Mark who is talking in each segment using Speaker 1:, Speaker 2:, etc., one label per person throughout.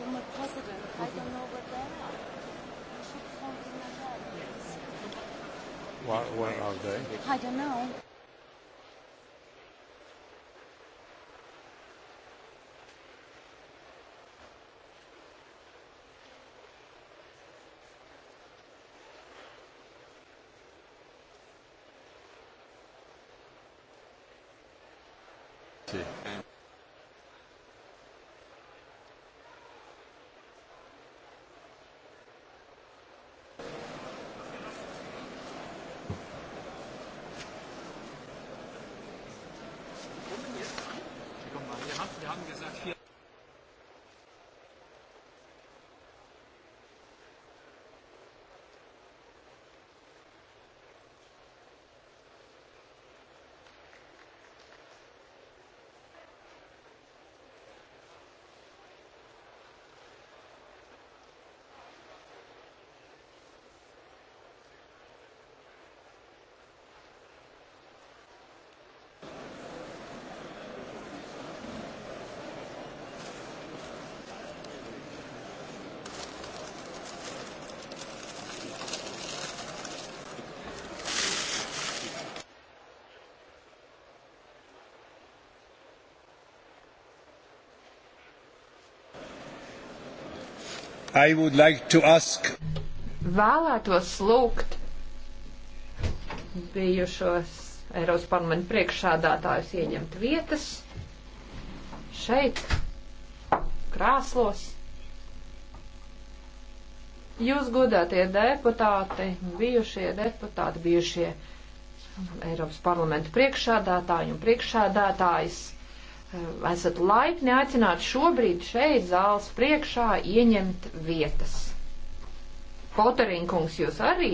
Speaker 1: former president. I don't know what they are. You should phone him
Speaker 2: and ask. What, what are they? I don't know.
Speaker 3: like ask...
Speaker 4: Vēlētos lūgt bijušos Eiropas parlamenta priekšsādātājus ieņemt vietas šeit, krāslos. Jūs godātie deputāti, bijušie deputāti, bijušie Eiropas parlamenta priekšsādātāji un priekšsādātājs esat laipni aicināt šobrīd šeit zāles priekšā ieņemt vietas. Poterīnkungs, jūs arī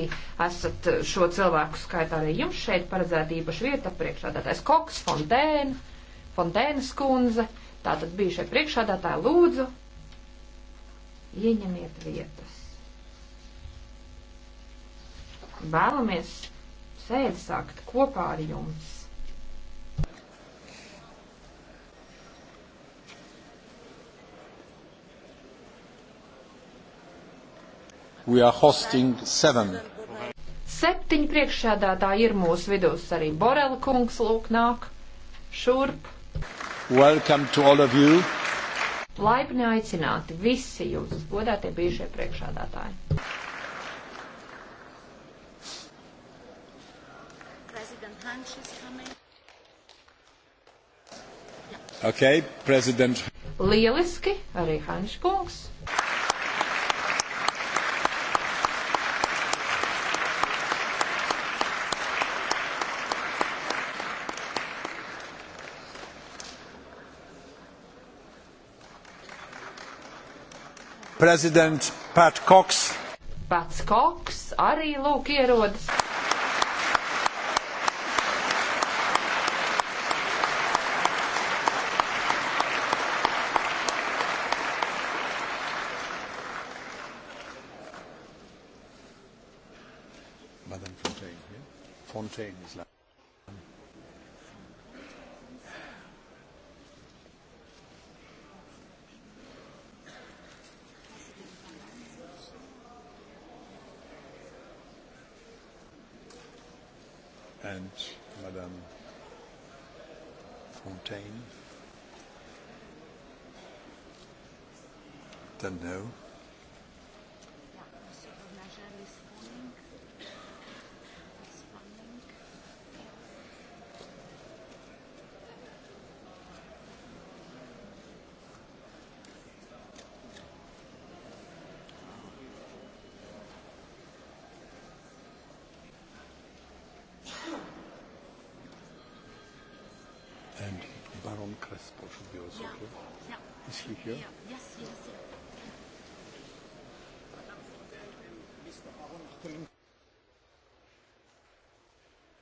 Speaker 4: esat šo cilvēku skaitā, arī jums šeit paredzēta īpaša vieta priekšādātais Koks, Fontēna, Fontēnas kundze, tātad bijušie priekšādātāji lūdzu, ieņemiet vietas. Vēlamies sēdi sākt kopā ar jums. Septiņi priekšsēdētāji ir mūsu vidūs, arī Borela kungs lūk nāk šurp. Welcome to all of you. Laipni aicināti visi jūs, godātie bijušie priekšsēdētāji. Okay, president. Lieliski, arī Hanškungs. President Pat Cox. Pats Koks arī lūk ierodas.
Speaker 2: Madame Fontaine, yeah? Fontaine is like
Speaker 4: Crespo should be also yeah. here. Yeah. Is he here? Yeah.
Speaker 5: Yes, yes.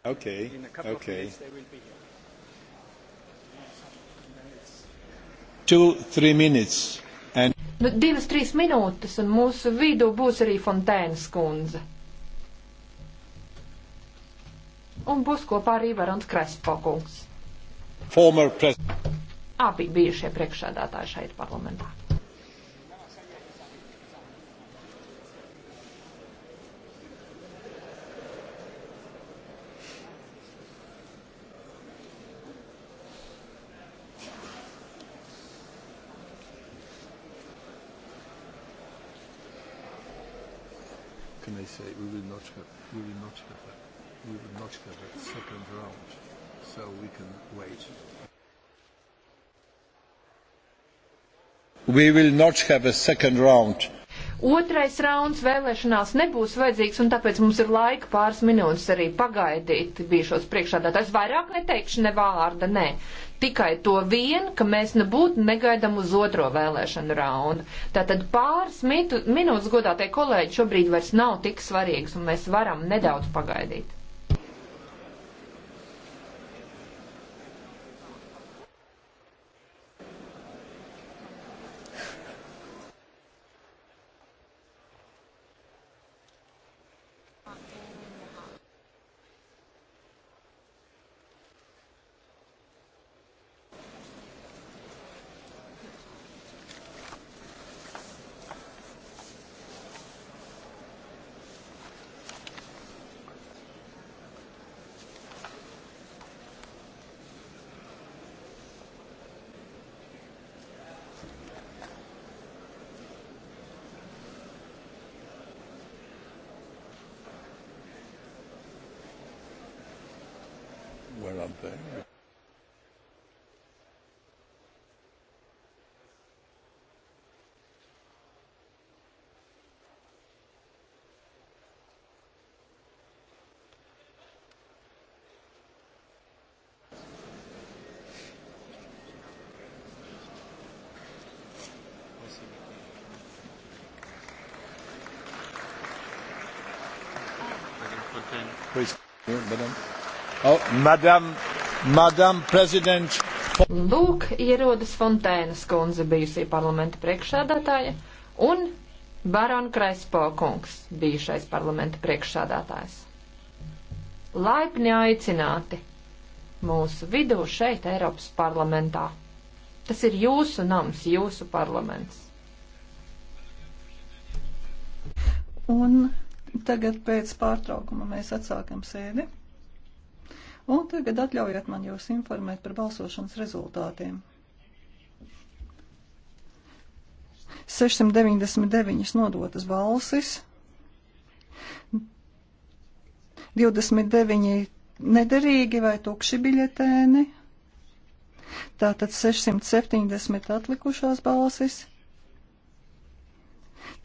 Speaker 1: Okay. In a couple okay. of minutes they will be here. Two, three minutes. And...
Speaker 4: Nu, divas, trīs minūtes, un mūsu vidū būs arī Fontēnas kundze. Un būs kopā arī Varants Krespo kungs former president abi bijušie priekšsēdētāji šeit parlamentā. Can I say we will not have we will not have a, we will not have a second round, so we can wait. Otrais rauns vēlēšanās nebūs vajadzīgs, un tāpēc mums ir laika pāris minūtes arī pagaidīt bijušos priekšādātājs. Vairāk neteikšu ne vārda, nē. Tikai to vien, ka mēs nebūtu negaidam uz otro vēlēšanu raundu. Tātad pāris mitu, minūtes godātie kolēģi šobrīd vairs nav tik svarīgs, un mēs varam nedaudz pagaidīt. Oh, madam, Madam President. Lūk, ierodas Fontēnas kundze bijusī parlamenta priekšsādātāja un Baron Krespo kungs bijušais parlamenta priekšsādātājs. Laipni aicināti mūsu vidū šeit Eiropas parlamentā. Tas ir jūsu nams, jūsu parlaments. Un Tagad pēc
Speaker 1: pārtraukuma mēs atsākam sēdi. Un tagad atļaujiet man jūs informēt par balsošanas rezultātiem. 699 nodotas balsis, 29 nederīgi vai tukši biļetēni, tātad 670 atlikušās balsis,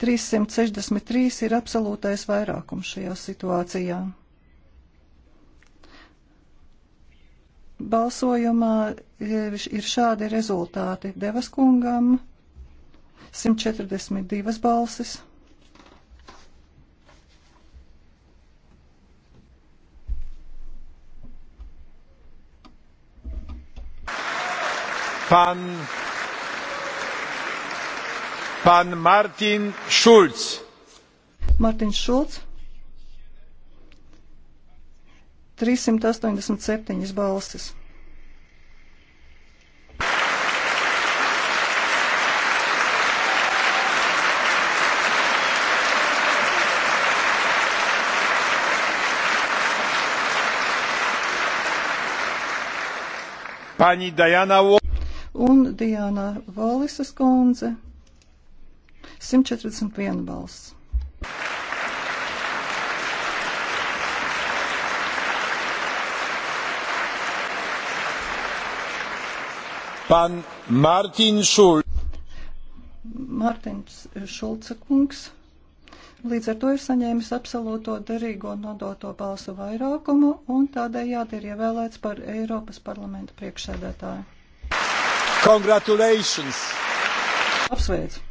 Speaker 1: 363 ir absolūtais vairākums šajā situācijā. Balsojumā ir šādi rezultāti Devas kungam 142 balsis.
Speaker 4: Pan Pan Martin Schulz.
Speaker 1: Martin Schulz. 387 balsis.
Speaker 4: Pani Diana
Speaker 1: Un Diana Valisas kundze 141 balss. Pan Mārtiņš Šulc. Mārtiņš Šulca kungs. Līdz ar to ir saņēmis absolūto derīgo nodoto balsu vairākumu un tādējādi ir ievēlēts par Eiropas parlamenta priekšsēdētāju. Congratulations! Apsveicu!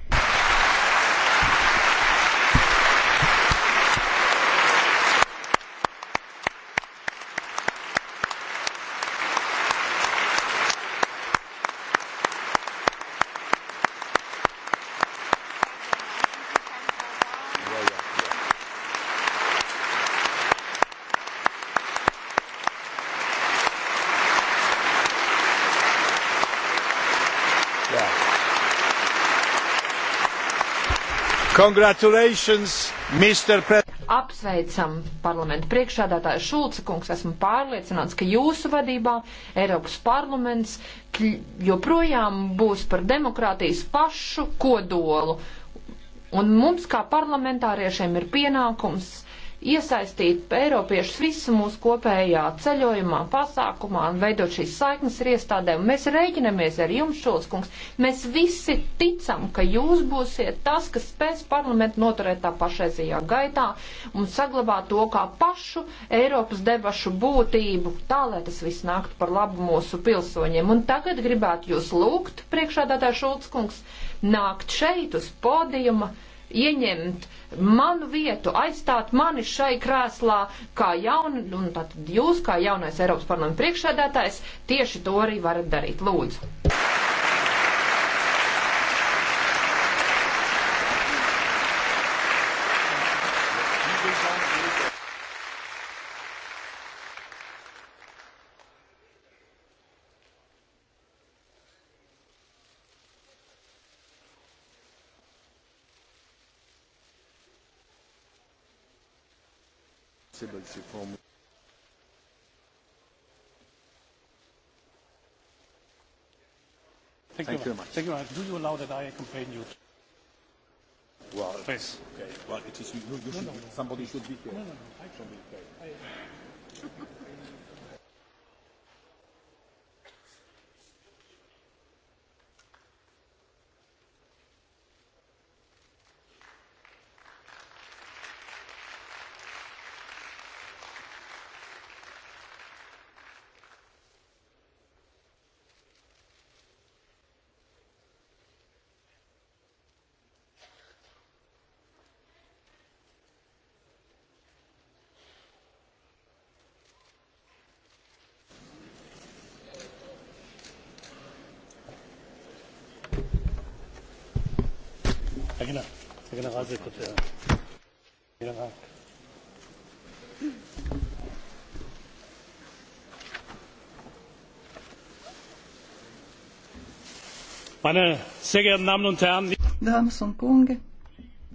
Speaker 3: Congratulations, Mr. President!
Speaker 4: Apsveicam parlamentu priekšādātāju Šulca kungs. Esmu pārliecināts, ka jūsu vadībā Eiropas parlaments joprojām būs par demokrātijas pašu kodolu. Un mums kā parlamentāriešiem ir pienākums iesaistīt Eiropiešus visu mūsu kopējā ceļojumā, pasākumā un veidot šīs saiknes ar iestādēm. Mēs rēķinamies ar jums, Šols kungs. Mēs visi ticam, ka jūs būsiet tas, kas spēs parlamentu noturēt tā pašreizajā gaitā un saglabāt to kā pašu Eiropas debašu būtību, tā lai tas viss nāktu par labu mūsu pilsoņiem. Un tagad gribētu jūs lūgt, priekšādātā Šulc kungs, nākt šeit uz podiuma ieņemt manu vietu, aizstāt mani šai krēslā, kā jauni, un tad jūs, kā jaunais Eiropas parlamenta priekšsēdētājs, tieši to arī varat darīt. Lūdzu!
Speaker 2: responsibility from Thank, Thank you very much. Thank you very much. Do you allow that I accompany you?
Speaker 4: Well, Please. Okay. Well, it is you. you no, should, no, no. Somebody should be here. No, no, no. I
Speaker 1: should be here. I,
Speaker 2: herr generalsekretär! vielen dank!
Speaker 1: meine sehr geehrten damen und herren! dāmas un kungi,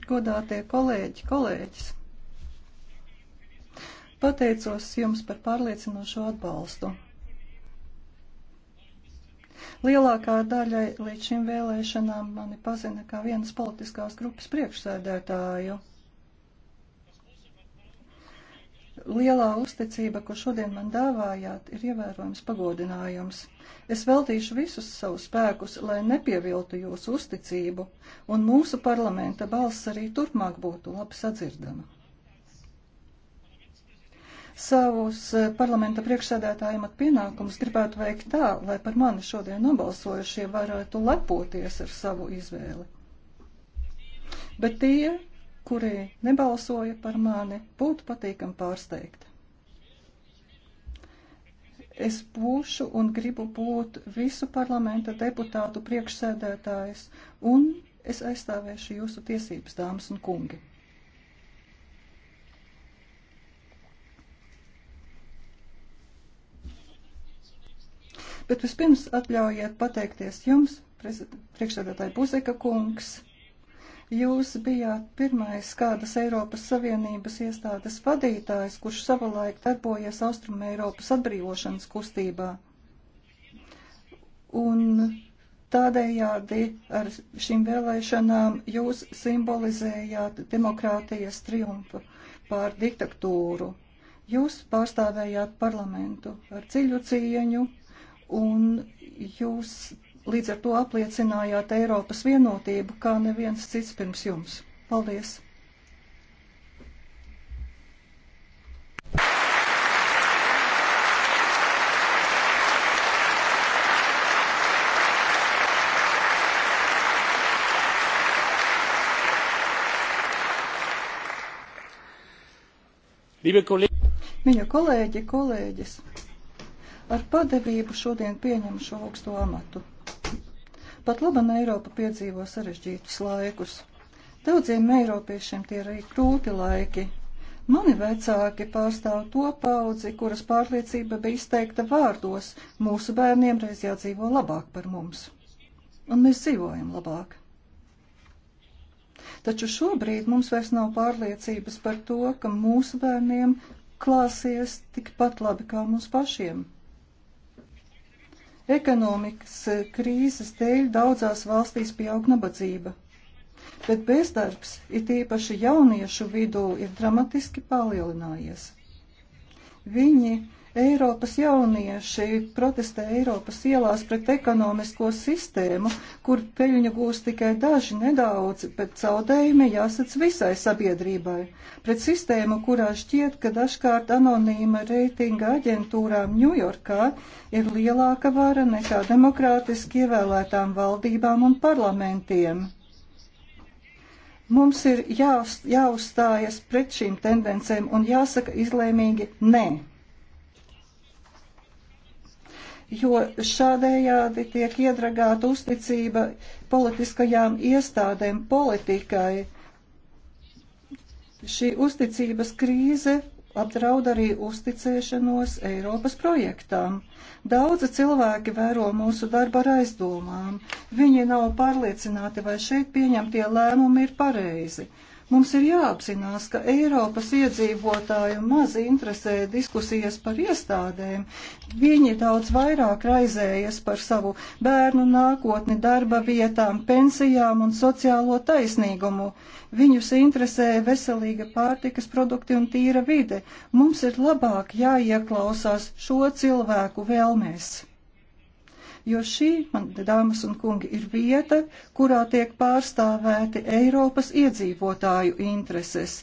Speaker 1: godātie kolēģi, kolēģis! Pateicos jums par pārliecinošo atbalstu. Lielākā daļa līdz šim vēlēšanām mani pazina kā vienas politiskās grupas priekšsēdētāju. Lielā uzticība, ko šodien man dāvājāt, ir ievērojams pagodinājums. Es veltīšu visus savus spēkus, lai nepieviltu jūsu uzticību, un mūsu parlamenta balss arī turpmāk būtu labi sadzirdama. Savus eh, parlamenta priekšsēdētājiem at pienākumus gribētu veikt tā, lai par mani šodien nobalsojušie varētu lepoties ar savu izvēli. Bet tie, kuri nebalsoja par mani, būtu patīkami pārsteigti. Es būšu un gribu būt visu parlamenta deputātu priekšsēdētājs, un es aizstāvēšu jūsu tiesības, dāmas un kungi. Bet vispirms atļaujiet pateikties jums, priekšsēdētāji Buzeka kungs. Jūs bijāt pirmais kādas Eiropas Savienības iestādes vadītājs, kurš savulaik darbojies Austrum Eiropas atbrīvošanas kustībā. Un Tādējādi ar šīm vēlēšanām jūs simbolizējāt demokrātijas triumfu pār diktatūru. Jūs pārstāvējāt parlamentu ar dziļu cieņu un jūs līdz ar to apliecinājāt Eiropas vienotību kā neviens cits pirms jums. Paldies! Mīļie kolēģi, kolēģis! Ar padevību šodien pieņemu šo augsto amatu. Pat laba Eiropa piedzīvo sarežģītus laikus. Daudziem eiropiešiem tie ir arī grūti laiki. Mani vecāki pārstāv to paudzi, kuras pārliecība bija izteikta vārdos. Mūsu bērniem reiz jādzīvo labāk par mums. Un mēs dzīvojam labāk. Taču šobrīd mums vairs nav pārliecības par to, ka mūsu bērniem klāsies tikpat labi kā mums pašiem. Ekonomikas eh, krīzes dēļ daudzās valstīs pieaug nabadzība, bet bezdarbs, it īpaši jauniešu vidū, ir dramatiski palielinājies. Viņi Eiropas jaunieši protestē Eiropas ielās pret ekonomisko sistēmu, kur peļņu gūs tikai daži nedaudzi, bet caudējumi jāsac visai sabiedrībai. Pret sistēmu, kurā šķiet, ka dažkārt anonīma reitinga aģentūrām Ņujorkā ir lielāka vara nekā demokrātiski ievēlētām valdībām un parlamentiem. Mums ir jā, jāuzstājas pret šīm tendencēm un jāsaka izlēmīgi nē jo šādējādi tiek iedragāta uzticība politiskajām iestādēm, politikai. Šī uzticības krīze apdraud arī uzticēšanos Eiropas projektām. Daudzi cilvēki vēro mūsu darbu ar aizdomām. Viņi nav pārliecināti, vai šeit pieņemtie lēmumi ir pareizi. Mums ir jāapzinās, ka Eiropas iedzīvotāju maz interesē diskusijas par iestādēm. Viņi daudz vairāk raizējas par savu bērnu nākotni, darba vietām, pensijām un sociālo taisnīgumu. Viņus interesē veselīga pārtikas produkti un tīra vide. Mums ir labāk jāieklausās šo cilvēku vēlmēs jo šī, man dāmas un kungi, ir vieta, kurā tiek pārstāvēti Eiropas iedzīvotāju intereses.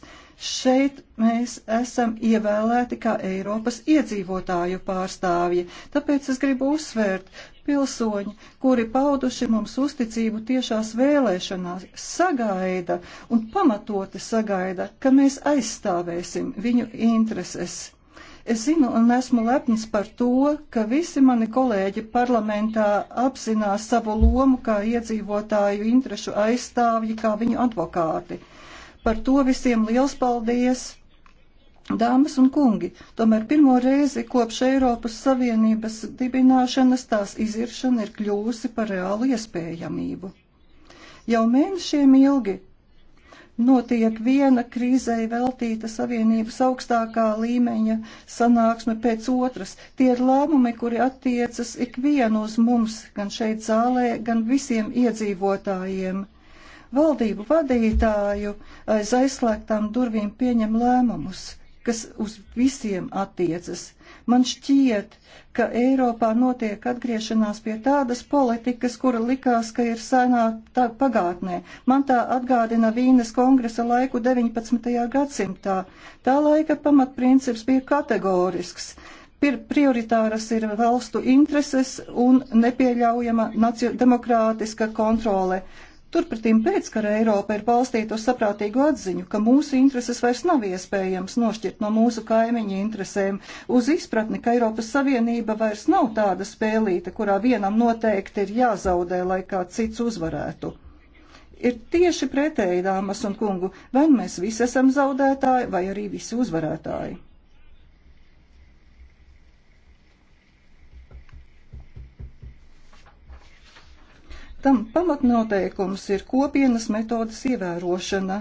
Speaker 1: Šeit mēs esam ievēlēti kā Eiropas iedzīvotāju pārstāvji, tāpēc es gribu uzsvērt, pilsoņi, kuri pauduši mums uzticību tiešās vēlēšanās, sagaida un pamatoti sagaida, ka mēs aizstāvēsim viņu intereses. Es zinu un esmu lepns par to, ka visi mani kolēģi parlamentā apzinās savu lomu kā iedzīvotāju interešu aizstāvji, kā viņu advokāti. Par to visiem liels paldies! Dāmas un kungi, tomēr pirmo reizi kopš Eiropas Savienības dibināšanas tās iziršana ir kļūsi par reālu iespējamību. Jau mēnešiem ilgi notiek viena krīzei veltīta savienības augstākā līmeņa sanāksme pēc otras. Tie ir lēmumi, kuri attiecas ikvienu uz mums, gan šeit zālē, gan visiem iedzīvotājiem. Valdību vadītāju aiz aizslēgtām durvīm pieņem lēmumus, kas uz visiem attiecas, Man šķiet, ka Eiropā notiek atgriešanās pie tādas politikas, kura likās, ka ir senā pagātnē. Man tā atgādina Vīnes kongresa laiku 19. gadsimtā. Tā laika pamatprincips bija kategorisks prioritāras ir valstu intereses un nepieļaujama demokrātiska kontrole. Turpretīm pēckara Eiropa ir balstīta uz saprātīgu atziņu, ka mūsu intereses vairs nav iespējams nošķirt no mūsu kaimiņa interesēm, uz izpratni, ka Eiropas Savienība vairs nav tāda spēlīta, kurā vienam noteikti ir jāzaudē, lai kā cits uzvarētu. Ir tieši pretēji, dāmas un kungu, vai nu mēs visi esam zaudētāji, vai arī visi uzvarētāji. Tam pamatnoteikums ir kopienas metodas ievērošana.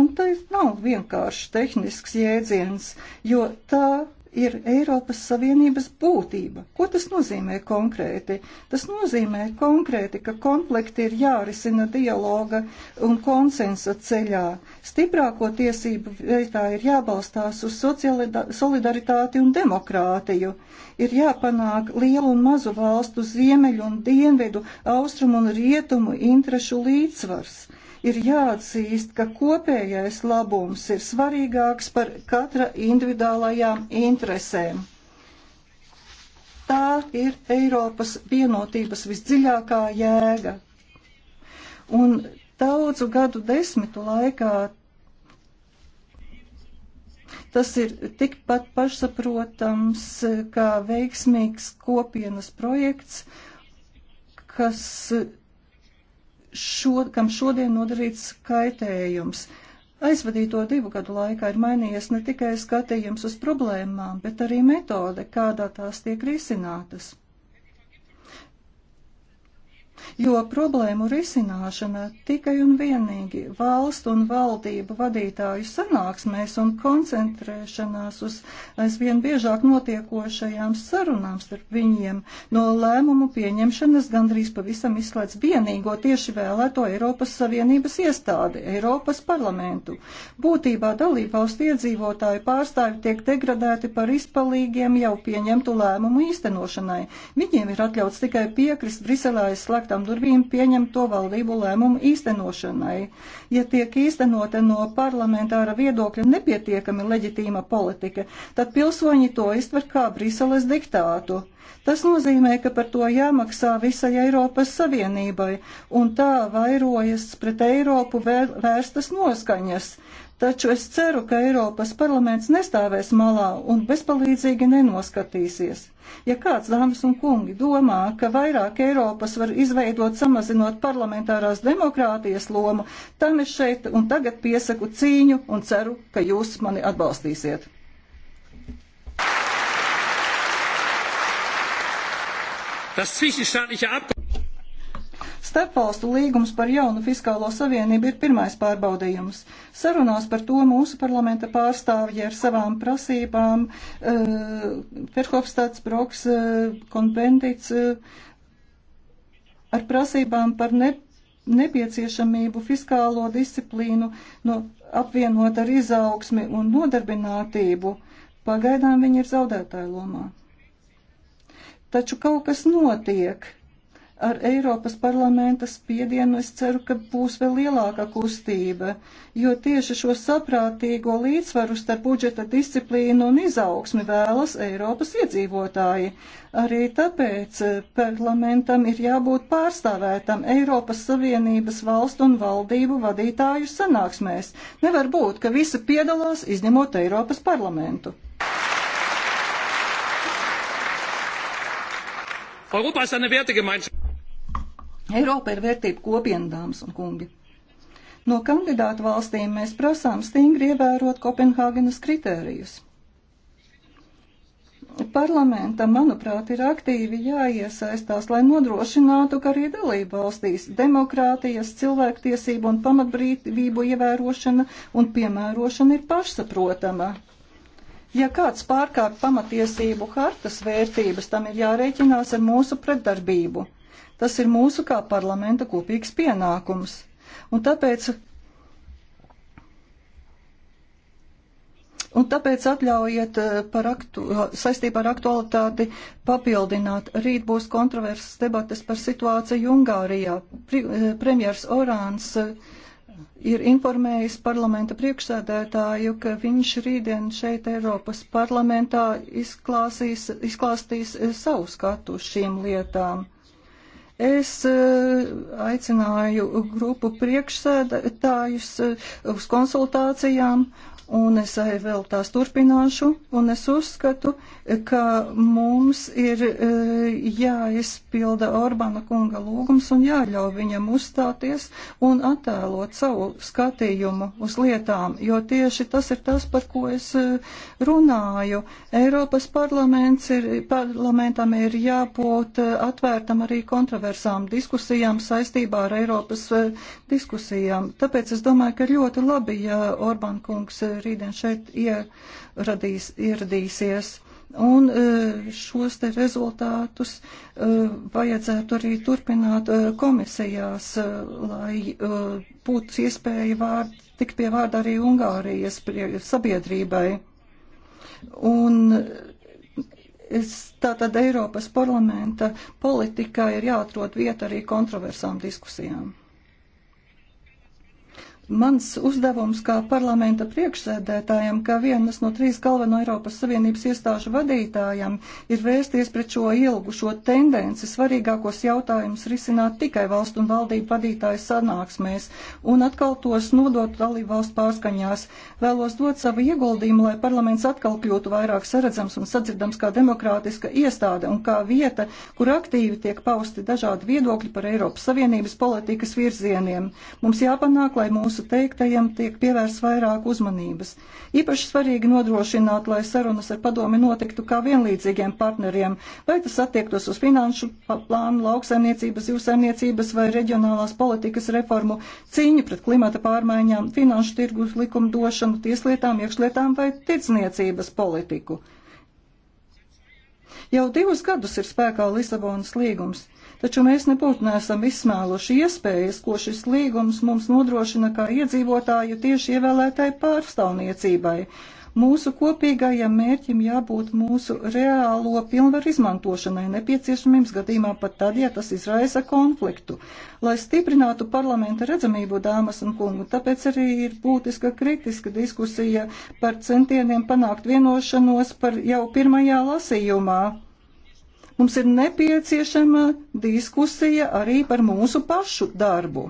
Speaker 1: Un tai nav vienkārši tehnisks jēdziens, jo tā ir Eiropas Savienības būtība. Ko tas nozīmē konkrēti? Tas nozīmē konkrēti, ka konflikti ir jārisina dialoga un konsensa ceļā. Stiprāko tiesību veidā ir jābalstās uz solidaritāti un demokrātiju. Ir jāpanāk lielu un mazu valstu ziemeļu un dienvidu, austrumu un rietumu interešu līdzsvars ir jāatzīst, ka kopējais labums ir svarīgāks par katra individuālajām interesēm. Tā ir Eiropas vienotības visdziļākā jēga. Un daudzu gadu desmitu laikā tas ir tikpat pašsaprotams kā veiksmīgs kopienas projekts, kas šo, kam šodien nodarīts kaitējums. Aizvadīto divu gadu laikā ir mainījies ne tikai skatījums uz problēmām, bet arī metode, kādā tās tiek risinātas jo problēmu risināšana tikai un vienīgi valstu un valdību vadītāju sanāksmēs un koncentrēšanās uz aizvien biežāk notiekošajām sarunām starp viņiem no lēmumu pieņemšanas gandrīz pavisam izslēdz vienīgo tieši vēlēto Eiropas Savienības iestādi - Eiropas parlamentu. Būtībā dalībvalstu iedzīvotāju pārstāvi tiek degradēti par izpalīgiem jau pieņemtu lēmumu īstenošanai. Viņiem ir atļauts tikai piekrist Briselē slēgt aizslēgtām durvīm pieņemto valdību lēmumu īstenošanai. Ja tiek īstenota no parlamentāra viedokļa nepietiekami leģitīma politika, tad pilsoņi to iztver kā Briseles diktātu. Tas nozīmē, ka par to jāmaksā visai Eiropas Savienībai, un tā vairojas pret Eiropu vērstas noskaņas Taču es ceru, ka Eiropas parlaments nestāvēs malā un bezpalīdzīgi nenoskatīsies. Ja kāds, dāmas un kungi, domā, ka vairāk Eiropas var izveidot samazinot parlamentārās demokrātijas lomu, tam es šeit un tagad piesaku cīņu un ceru, ka jūs mani atbalstīsiet.
Speaker 4: Das zwischenstaatliche Abkommen.
Speaker 1: Starpvalstu līgums par jaunu fiskālo savienību ir pirmais pārbaudījums. Sarunās par to mūsu parlamenta pārstāvji ar savām prasībām, uh, eh, Perhofstāts, Broks, uh, Konbendits, uh, ar prasībām par ne, nepieciešamību fiskālo disciplīnu no, apvienot ar izaugsmi un nodarbinātību, pagaidām viņi ir zaudētāju lomā. Taču kaut kas notiek ar Eiropas parlamenta spiedienu es ceru, ka būs vēl lielāka kustība, jo tieši šo saprātīgo līdzsvaru starp budžeta disciplīnu un izaugsmi vēlas Eiropas iedzīvotāji. Arī tāpēc eh, parlamentam ir jābūt pārstāvētam Eiropas Savienības valstu un valdību vadītāju sanāksmēs. Nevar būt, ka visi piedalās izņemot Eiropas parlamentu.
Speaker 2: Europa
Speaker 4: ist eine Wertegemeinschaft.
Speaker 1: Eiropa ir vērtība kopiena, dāmas un kungi. No kandidātu valstīm mēs prasām stingri ievērot Kopenhāgenes kritērijus parlamenta, manuprāt, ir aktīvi jāiesaistās, lai nodrošinātu, ka arī dalība valstīs demokrātijas, cilvēktiesību un pamatbrīvību ievērošana un piemērošana ir pašsaprotama. Ja kāds pārkāp pamatiesību hartas vērtības, tam ir jārēķinās ar mūsu pretdarbību. Tas ir mūsu kā parlamenta kopīgs pienākums. Un tāpēc, un tāpēc atļaujiet eh, par aktu, saistībā ar aktualitāti papildināt. Rīt būs kontroversas debates par situāciju Ungārijā. Pri, eh, premjers Orāns eh, ir informējis parlamenta priekšsēdētāju, ka viņš rītdien šeit Eiropas parlamentā izklāsīs, izklāstīs savu skatu šīm lietām. Es eh, aicināju grupu priekšsēdētājus eh, uz konsultācijām un es vēl tās turpināšu, un es uzskatu, ka mums ir e, jāizpilda Orbāna kunga lūgums un jāļauj viņam uzstāties un attēlot savu skatījumu uz lietām, jo tieši tas ir tas, par ko es e, runāju. Eiropas parlaments ir, parlamentam ir jābūt e, atvērtam arī kontroversām diskusijām saistībā ar Eiropas diskusijām. Tāpēc es domāju, ka ļoti labi, ja Orbāna kungs rītdien šeit ieradīs, ieradīsies. Un e, šos te rezultātus e, vajadzētu arī turpināt e, komisijās, lai būtu iespēja vārd, tikt pie vārda arī Ungārijas sabiedrībai. Un es, tātad Eiropas parlamenta politikā ir jāatrod vieta arī kontroversām diskusijām. Mans uzdevums kā parlamenta priekšsēdētājam, kā vienas no trīs galveno Eiropas Savienības iestāžu vadītājam, ir vērsties pret šo ilgušo tendenci svarīgākos jautājumus risināt tikai valstu un valdību vadītāju sanāksmēs un atkal tos nodot dalību valstu pārskaņās. Vēlos dot savu ieguldījumu, lai parlaments atkal kļūtu vairāk saredzams un sadzirdams kā demokrātiska iestāde un kā vieta, kur aktīvi tiek pausti dažādi viedokļi par Eiropas Savienības politikas virzieniem. Mums jāpanāk, lai mūsu jūsu teiktajiem tiek pievērsts vairāk uzmanības. Īpaši svarīgi nodrošināt, lai sarunas ar padomi notiktu kā vienlīdzīgiem partneriem, vai tas attiektos uz finanšu plānu, lauksaimniecības, jūsaimniecības vai reģionālās politikas reformu, cīņu pret klimata pārmaiņām, finanšu tirgus likumdošanu, tieslietām, iekšlietām vai tirdzniecības politiku. Jau divus gadus ir spēkā Lisabonas līgums. Taču mēs nebūtu nesam izsmēluši iespējas, ko šis līgums mums nodrošina kā iedzīvotāju tieši ievēlētai pārstāvniecībai. Mūsu kopīgajam mērķim jābūt mūsu reālo pilnvaru izmantošanai, nepieciešamiem gadījumā pat tad, ja tas izraisa konfliktu. Lai stiprinātu parlamenta redzamību, dāmas un kungu, tāpēc arī ir būtiska kritiska diskusija par centieniem panākt vienošanos par jau pirmajā lasījumā Mums ir nepieciešama diskusija arī par mūsu pašu darbu.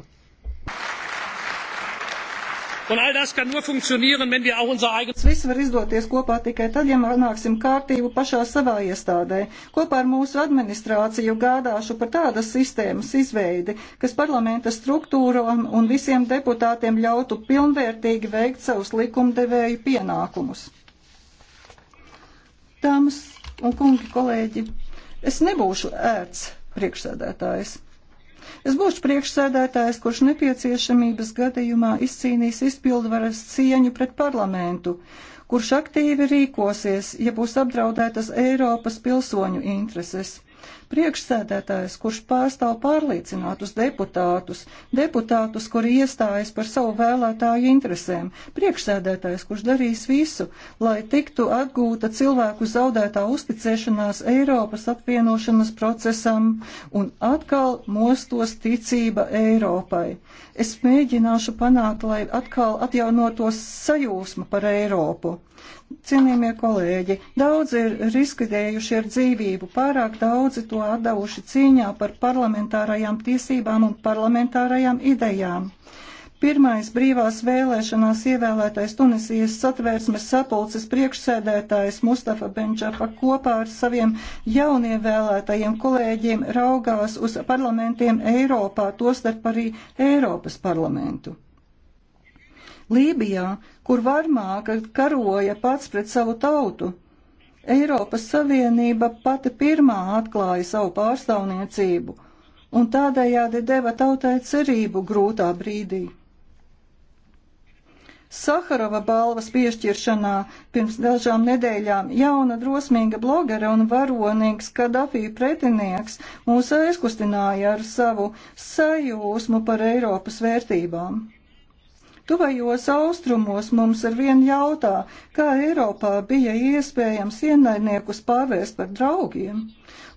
Speaker 4: Un all das kann nur funktionieren, wenn wir auch unser eigenes.
Speaker 1: Viss var izdoties kopā tikai tad, ja manāksim kārtību pašā savā iestādē. Kopā ar mūsu administrāciju gādāšu par tādas sistēmas izveidi, kas parlamenta struktūram un visiem deputātiem ļautu pilnvērtīgi veikt savus likumdevēju pienākumus. Dāmas un kungi kolēģi, Es nebūšu ērts priekšsēdētājs. Es būšu priekšsēdētājs, kurš nepieciešamības gadījumā izcīnīs izpildvaras cieņu pret parlamentu, kurš aktīvi rīkosies, ja būs apdraudētas Eiropas pilsoņu intereses priekšsēdētājs, kurš pārstāv pārliecinātus deputātus, deputātus, kuri iestājas par savu vēlētāju interesēm, priekšsēdētājs, kurš darīs visu, lai tiktu atgūta cilvēku zaudētā uzticēšanās Eiropas apvienošanas procesam un atkal mostos ticība Eiropai. Es mēģināšu panākt, lai atkal atjaunotos sajūsma par Eiropu. Cienījamie kolēģi, daudzi ir riskējuši ar dzīvību, pārāk daudzi to ko atdevuši cīņā par parlamentārajām tiesībām un parlamentārajām idejām. Pirmais brīvās vēlēšanās ievēlētais Tunisijas satvērsmes sapulces priekšsēdētājs Mustafa Benčapa kopā ar saviem jaunievēlētajiem kolēģiem raugās uz parlamentiem Eiropā, tostarp arī Eiropas parlamentu. Lībijā, kur varmāka karoja pats pret savu tautu, Eiropas Savienība pati pirmā atklāja savu pārstāvniecību un tādējādi deva tautai cerību grūtā brīdī. Saharova balvas piešķiršanā pirms dažām nedēļām jauna drosmīga blogere un varonīgs Kadafī pretinieks mūs aizkustināja ar savu sajūsmu par Eiropas vērtībām. Tuvajos austrumos mums ar vienu jautā, kā Eiropā bija iespējams ienaidniekus pārvērst par draugiem,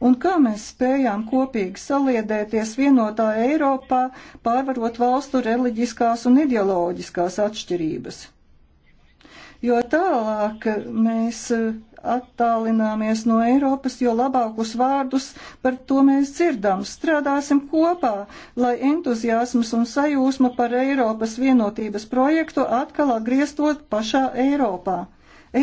Speaker 1: un kā mēs spējām kopīgi saliedēties vienotā Eiropā, pārvarot valstu reliģiskās un ideoloģiskās atšķirības. Jo tālāk mēs attālināmies no Eiropas, jo labākus vārdus par to mēs dzirdam. Strādāsim kopā, lai entuziasms un sajūsma par Eiropas vienotības projektu atkal atgrieztot pašā Eiropā.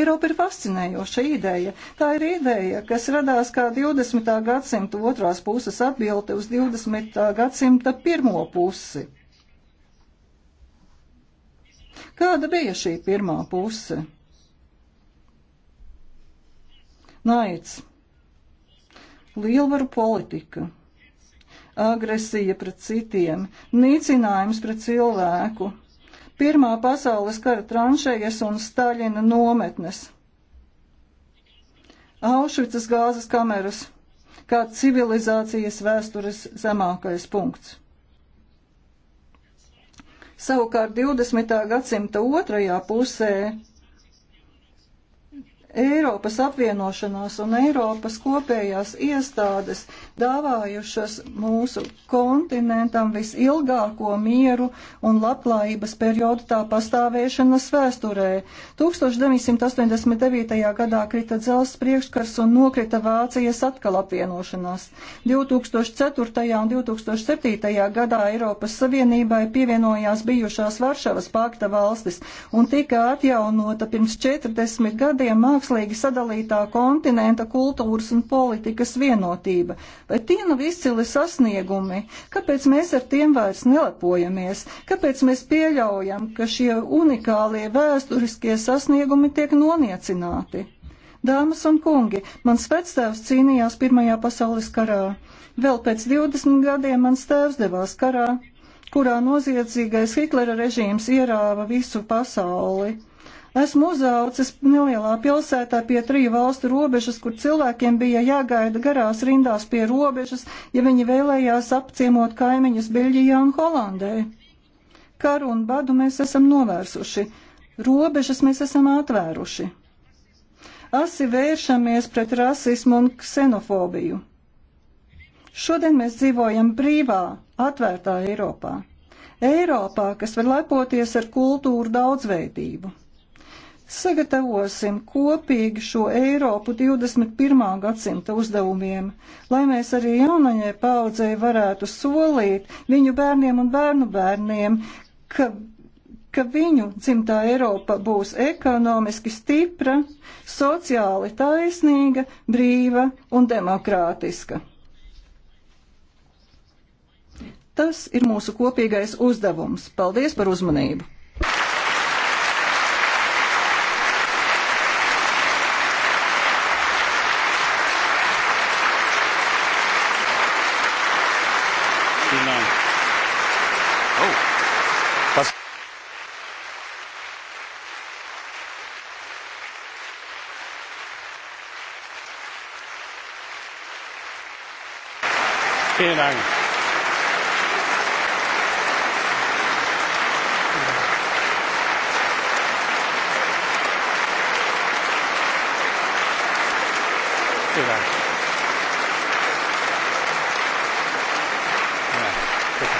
Speaker 1: Eiropa ir fascinējoša ideja. Tā ir ideja, kas radās kā 20. gadsimta otrās puses atbilde uz 20. gadsimta pirmo pusi. Kāda bija šī pirmā puse? Naids, lielvaru politika, agresija pret citiem, nīcinājums pret cilvēku, Pirmā pasaules kara tranšējas un Staļina nometnes. Aušvicas gāzes kameras kā civilizācijas vēstures zemākais punkts. Savukārt 20. gadsimta otrajā pusē Eiropas apvienošanās un Eiropas kopējās iestādes dāvājušas mūsu kontinentam visilgāko mieru un labklājības periodu tā pastāvēšanas vēsturē. 1989. gadā krita dzels priekškars un nokrita Vācijas atkal apvienošanās. 2004. un 2007. gadā Eiropas Savienībai pievienojās bijušās Varšavas pakta valstis un tika atjaunota pirms 40 gadiem trūkslīgi sadalītā kontinenta kultūras un politikas vienotība. Vai tie nav izcili sasniegumi? Kāpēc mēs ar tiem vairs nelepojamies? Kāpēc mēs pieļaujam, ka šie unikālie vēsturiskie sasniegumi tiek noniecināti? Dāmas un kungi, mans vectēvs cīnījās Pirmajā pasaules karā. Vēl pēc 20 gadiem mans tēvs devās karā, kurā noziedzīgais Hitlera režīms ierāva visu pasauli. Esmu uzaucis nelielā pilsētā pie triju valstu robežas, kur cilvēkiem bija jāgaida garās rindās pie robežas, ja viņi vēlējās apciemot kaimiņus Beļģijā un Holandē. Karu un badu mēs esam novērsuši, robežas mēs esam atvēruši. Asi vēršamies pret rasismu un ksenofobiju. Šodien mēs dzīvojam brīvā, atvērtā Eiropā. Eiropā, kas var lepoties ar kultūru daudzveidību. Sagatavosim kopīgi šo Eiropu 21. gadsimta uzdevumiem, lai mēs arī jaunajai paudzei varētu solīt viņu bērniem un bērnu bērniem, ka ka viņu dzimtā Eiropa būs ekonomiski stipra, sociāli taisnīga, brīva un demokrātiska. Tas ir mūsu kopīgais uzdevums. Paldies par uzmanību!
Speaker 3: Dank.
Speaker 6: Vielen Dank. Ja, bitte.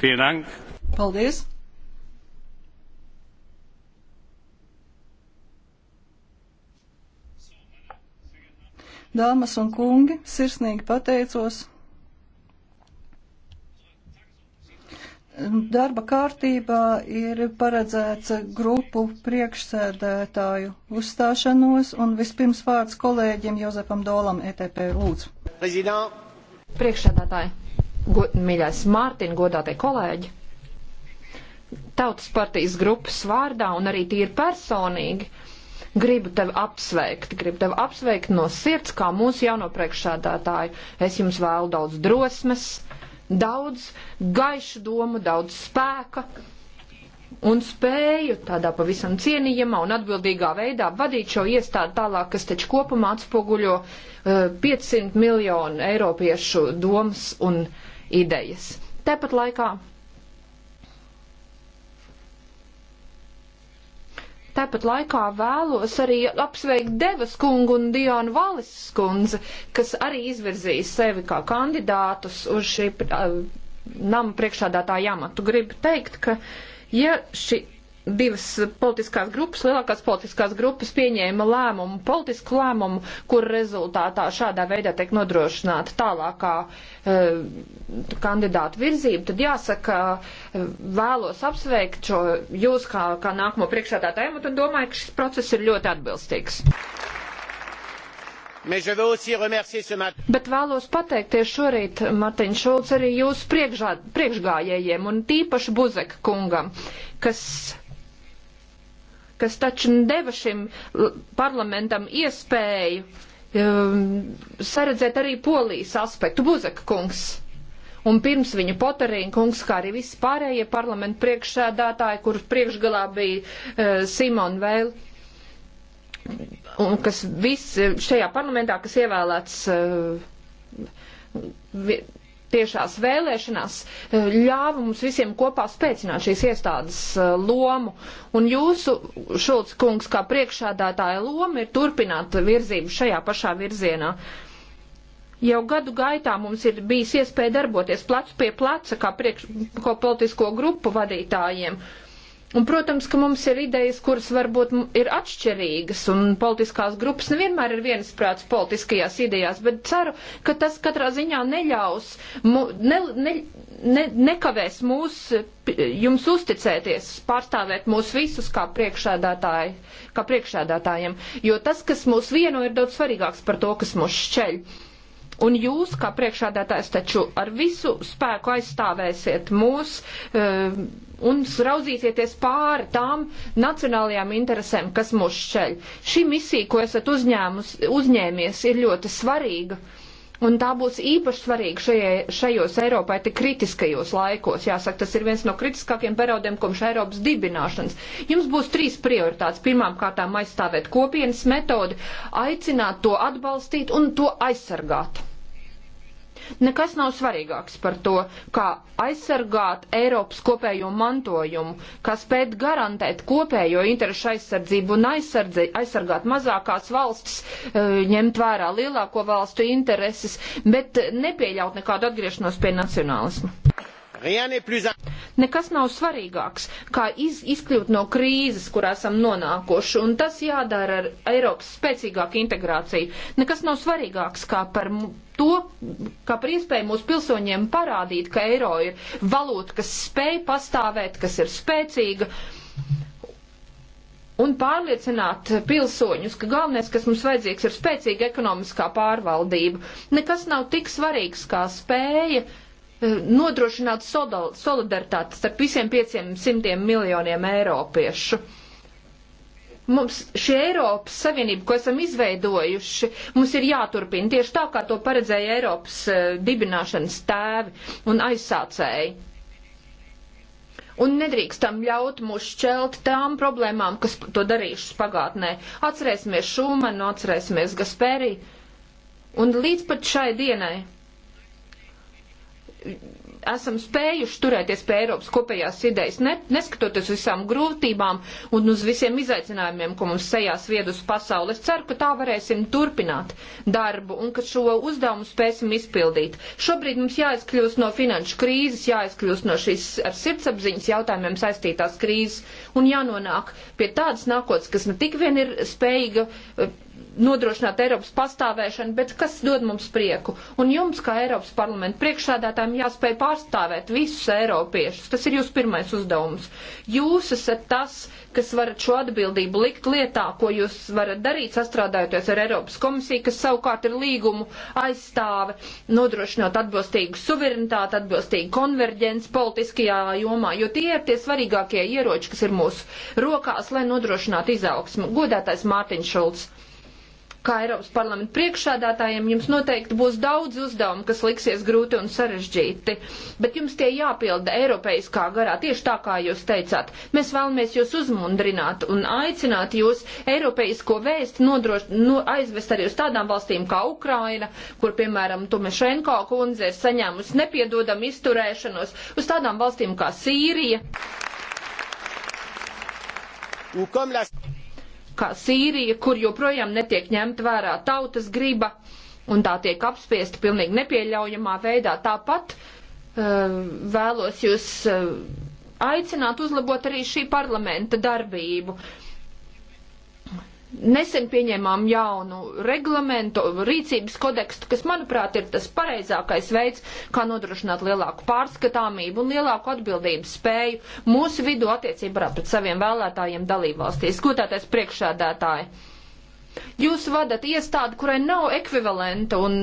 Speaker 1: Vielen Dank. Paldies. Dāmas un kungi, sirsnīgi pateicos. Darba kārtībā ir paredzēts grupu priekšsēdētāju uzstāšanos, un vispirms vārds kolēģim Jozefam Dolam,
Speaker 4: ETP lūdzu. Prezident. Priekšsēdētāji, God, mīļais Mārtiņ, godātie kolēģi, Tautas partijas grupas vārdā un arī tīri personīgi Gribu tevi apsveikt, gribu tevi apsveikt no sirds, kā mūsu jauno priekšsādātāju. Es jums vēlu daudz drosmes, daudz gaišu domu, daudz spēka un spēju tādā pavisam cienījamā un atbildīgā veidā vadīt šo iestādi tālāk, kas taču kopumā atspoguļo uh, eh, 500 miljonu eiropiešu domas un idejas. Tāpat laikā Tāpat laikā vēlos arī apsveikt Devas kungu un Dionu Valis kundzi, kas arī izvirzīja sevi kā kandidātus uz šī uh, nama priekšādātāja amatu. Gribu teikt, ka ja ši, divas politiskās grupas, lielākās politiskās grupas pieņēma lēmumu, politisku lēmumu, kur rezultātā šādā veidā tiek nodrošināta tālākā e, eh, kandidātu virzība, tad jāsaka, eh, vēlos apsveikt šo jūs kā, kā nākamo priekšsādātāju un domāju, ka šis process ir ļoti atbilstīgs.
Speaker 6: Bet
Speaker 4: vēlos pateikties šorīt, Matiņš Šulc, arī jūsu priekšgājējiem un tīpaši Buzeka kungam, kas kas taču deva šim parlamentam iespēju um, saredzēt arī polijas aspektu. Buzeka kungs un pirms viņa Poterīna kungs, kā arī visi pārējie parlamentu priekšsēdātāji, kur priekšgalā bija uh, Simona Vēl, un kas viss eh, šajā parlamentā, kas ievēlēts. Uh, vi, tiešās vēlēšanās e, ļāva mums visiem kopā spēcināt šīs iestādes e, lomu. Un jūsu, Šulc kungs, kā priekšādātāja loma ir turpināt virzību šajā pašā virzienā. Jau gadu gaitā mums ir bijis iespēja darboties plecu pie pleca kā priekš, ko politisko grupu vadītājiem. Uh, Un, protams, ka mums ir idejas, kuras varbūt ir atšķirīgas, un politiskās grupas nevienmēr ir viensprāts politiskajās idejās, bet ceru, ka tas katrā ziņā neļaus, mu, ne, ne, ne, nekavēs mūs, jums uzticēties, pārstāvēt mūs visus kā, priekšādātāji, kā priekšādātājiem, jo tas, kas mūs vieno, ir daudz svarīgāks par to, kas mūs šķeļ. Un jūs, kā priekšādātājs, taču ar visu spēku aizstāvēsiet mūs uh, un raudzīsieties pāri tām nacionālajām interesēm, kas mūs šķeļ. Šī misija, ko esat uzņēmus, uzņēmies, ir ļoti svarīga. Un tā būs īpaši svarīga šajie, šajos Eiropai tik kritiskajos laikos. Jāsaka, tas ir viens no kritiskākiem periodiem kopš Eiropas dibināšanas. Jums būs trīs prioritātes. Pirmām kārtām aizstāvēt kopienas metodi, aicināt to atbalstīt un to aizsargāt. Nekas nav svarīgāks par to, kā aizsargāt Eiropas kopējo mantojumu, kā spēt garantēt kopējo interešu aizsardzību un aizsardzi, aizsargāt mazākās valstis, eh, ņemt vērā lielāko valstu intereses, bet nepieļaut nekādu atgriešanos pie nacionālismu. Nekas nav svarīgāks, kā iz, izkļūt no krīzes, kurā esam nonākuši, un tas jādara ar Eiropas spēcīgāku integrāciju. Nekas nav svarīgāks, kā par to, kā par iespēju mūsu pilsoņiem parādīt, ka eiro ir valūta, kas spēj pastāvēt, kas ir spēcīga. Un pārliecināt pilsoņus, ka galvenais, kas mums vajadzīgs, ir spēcīga ekonomiskā pārvaldība. Nekas nav tik svarīgs kā spēja uh, nodrošināt solidaritāti starp visiem 500 miljoniem eiropiešu. Mums šī Eiropas Savienība, ko esam izveidojuši, mums ir jāturpina tieši tā, kā to paredzēja Eiropas eh, dibināšanas tēvi un aizsācēji un nedrīkstam ļaut mūs šķelt tām problēmām, kas to darījušas pagātnē. Atcerēsimies Šumanu, atcerēsimies Gasperī, un līdz pat šai dienai esam spējuši turēties pie Eiropas kopējās idejas, ne, neskatoties visām grūtībām un uz visiem izaicinājumiem, ko mums sejās viedus pasaules. Ceru, ka tā varēsim turpināt darbu un ka šo uzdevumu spēsim izpildīt. Šobrīd mums jāizkļūst no finanšu krīzes, jāizkļūst no šīs ar sirdsapziņas jautājumiem saistītās krīzes un jānonāk pie tādas nākotnes, kas ne tik vien ir spējīga nodrošināt Eiropas pastāvēšanu, bet kas dod mums prieku? Un jums, kā Eiropas parlamenta priekšsādātājiem, jāspēj pārstāvēt visus eiropiešus. Tas ir jūsu pirmais uzdevums. Jūs esat tas, kas varat šo atbildību likt lietā, ko jūs varat darīt, sastrādājoties ar Eiropas komisiju, kas savukārt ir līgumu aizstāve, nodrošinot atbilstīgu suverenitāti, atbilstīgu konverģenci politiskajā jomā, jo tie ir tie svarīgākie ieroči, kas ir mūsu rokās, lai nodrošinātu izaugsmu. Godātais Mārtiņš Šulcs kā Eiropas parlamenta priekšsādātājiem, jums noteikti būs daudz uzdevumu, kas liksies grūti un sarežģīti, bet jums tie jāpilda eiropeiskā garā, tieši tā kā jūs teicāt. Mēs vēlamies jūs uzmundrināt un aicināt jūs eiropeisko vēstu nodroš, no, nu, aizvest arī uz tādām valstīm kā Ukraina, kur, piemēram, Tumešenko kundze ir saņēmusi nepiedodam izturēšanos, uz tādām valstīm kā Sīrija. U, kā Sīrija, kur joprojām netiek ņemta vērā tautas griba un tā tiek apspiesta pilnīgi nepieļaujamā veidā. Tāpat eh, vēlos jūs eh, aicināt uzlabot arī šī parlamenta darbību. Nesen pieņēmām jaunu reglamentu, rīcības kodekstu, kas, manuprāt, ir tas pareizākais veids, kā nodrošināt lielāku pārskatāmību un lielāku atbildības spēju mūsu vidu attiecībā pret saviem vēlētājiem dalībvalstīs. Skotētais priekšādātāji, jūs vadat iestādi, kurai nav ekvivalenta un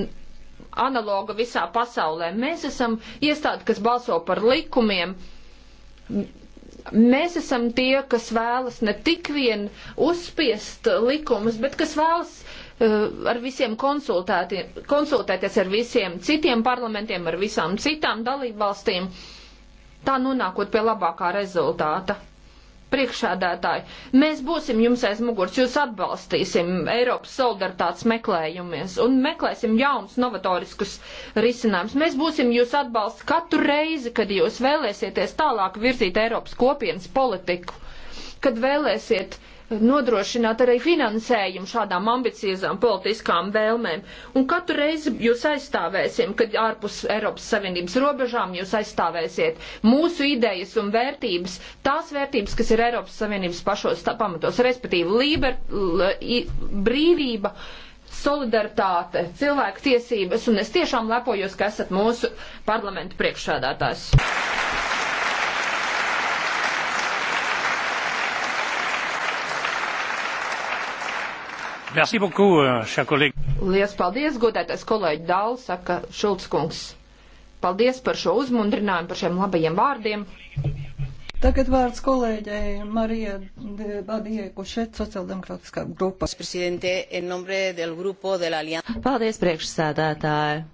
Speaker 4: analoga visā pasaulē. Mēs esam iestādi, kas balso par likumiem Mēs esam tie, kas vēlas ne tik vien uzspiest likumus, bet kas vēlas uh, ar visiem konsultēties ar visiem citiem parlamentiem, ar visām citām dalībvalstīm, tā nonākot pie labākā rezultāta priekšādātāji, mēs būsim jums aiz muguras, jūs atbalstīsim Eiropas solidaritātes meklējumies un meklēsim jaunus novatoriskus risinājumus. Mēs būsim jūs atbalsts katru reizi, kad jūs vēlēsieties tālāk virzīt Eiropas kopienas politiku, kad vēlēsiet uh, nodrošināt arī finansējumu šādām ambiciozām politiskām vēlmēm. Un katru reizi jūs aizstāvēsim, kad ārpus Eiropas Savienības robežām jūs aizstāvēsiet mūsu idejas un vērtības, tās vērtības, kas ir Eiropas Savienības pašos pamatos, respektīvi liber, li, brīvība solidaritāte, cilvēku tiesības, un es tiešām lepojos, ka esat mūsu parlamentu priekšsādātājs.
Speaker 6: Merci beaucoup, euh, cher kolēģi.
Speaker 4: Lielas paldies, godētais kolēģi Dāl, saka Šulckungs. Paldies par šo uzmundrinājumu, par šiem labajiem vārdiem.
Speaker 1: Tagad vārds kolēģei Marija Badieko šeit sociāldemokrātiskā grupā.
Speaker 2: Paldies, priekšsēdētāji.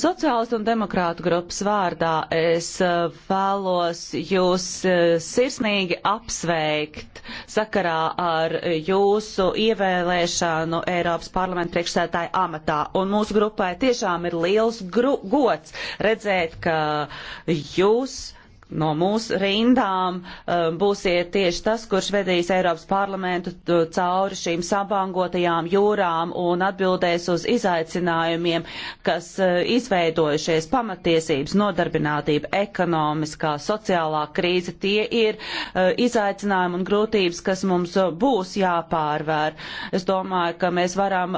Speaker 2: Sociālistu un demokrātu grupas vārdā es eh, vēlos jūs eh, sirsnīgi apsveikt sakarā ar jūsu ievēlēšanu Eiropas parlamenta priekšsētāja amatā. Un mūsu grupai tiešām ir liels gods redzēt, ka jūs no mūsu rindām eh, būsiet tieši tas, kurš vedīs Eiropas parlamentu cauri šīm sabangotajām jūrām un atbildēs uz izaicinājumiem, kas eh, izveidojušies pamatiesības, nodarbinātība, ekonomiskā, sociālā krīze. Tie ir eh, izaicinājumi un grūtības, kas mums būs jāpārvēr. Es domāju, ka mēs varam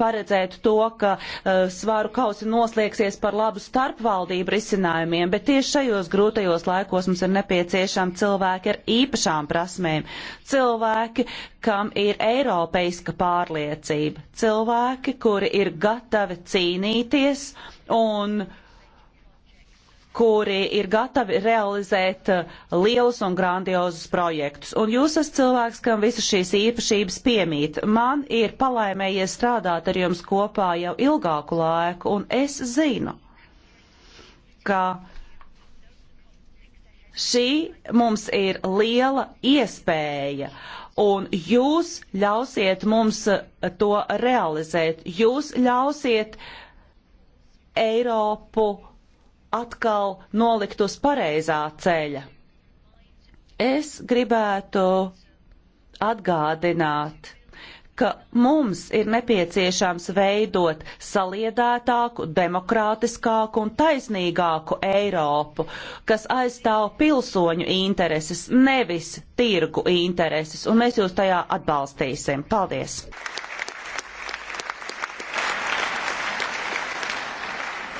Speaker 2: paredzēt to, ka uh, svaru kausi noslēgsies par labu starpvaldību risinājumiem, bet tieši šajos grūtajos laikos mums ir nepieciešami cilvēki ar īpašām prasmēm, cilvēki, kam ir eiropeiska pārliecība, cilvēki, kuri ir gatavi cīnīties un uh, kuri ir gatavi realizēt uh, lielus un grandiozus projektus. Un jūs esat cilvēks, kam visas šīs īpašības piemīt. Man ir palaimējies strādāt ar jums kopā jau ilgāku laiku, un es zinu, ka šī mums ir liela iespēja un jūs ļausiet mums uh, to realizēt. Jūs ļausiet Eiropu atkal nolikt uz pareizā ceļa. Es gribētu atgādināt, ka mums ir nepieciešams veidot saliedētāku, demokrātiskāku un taisnīgāku Eiropu, kas aizstāv pilsoņu intereses, nevis tirgu intereses, un mēs jūs tajā atbalstīsim. Paldies!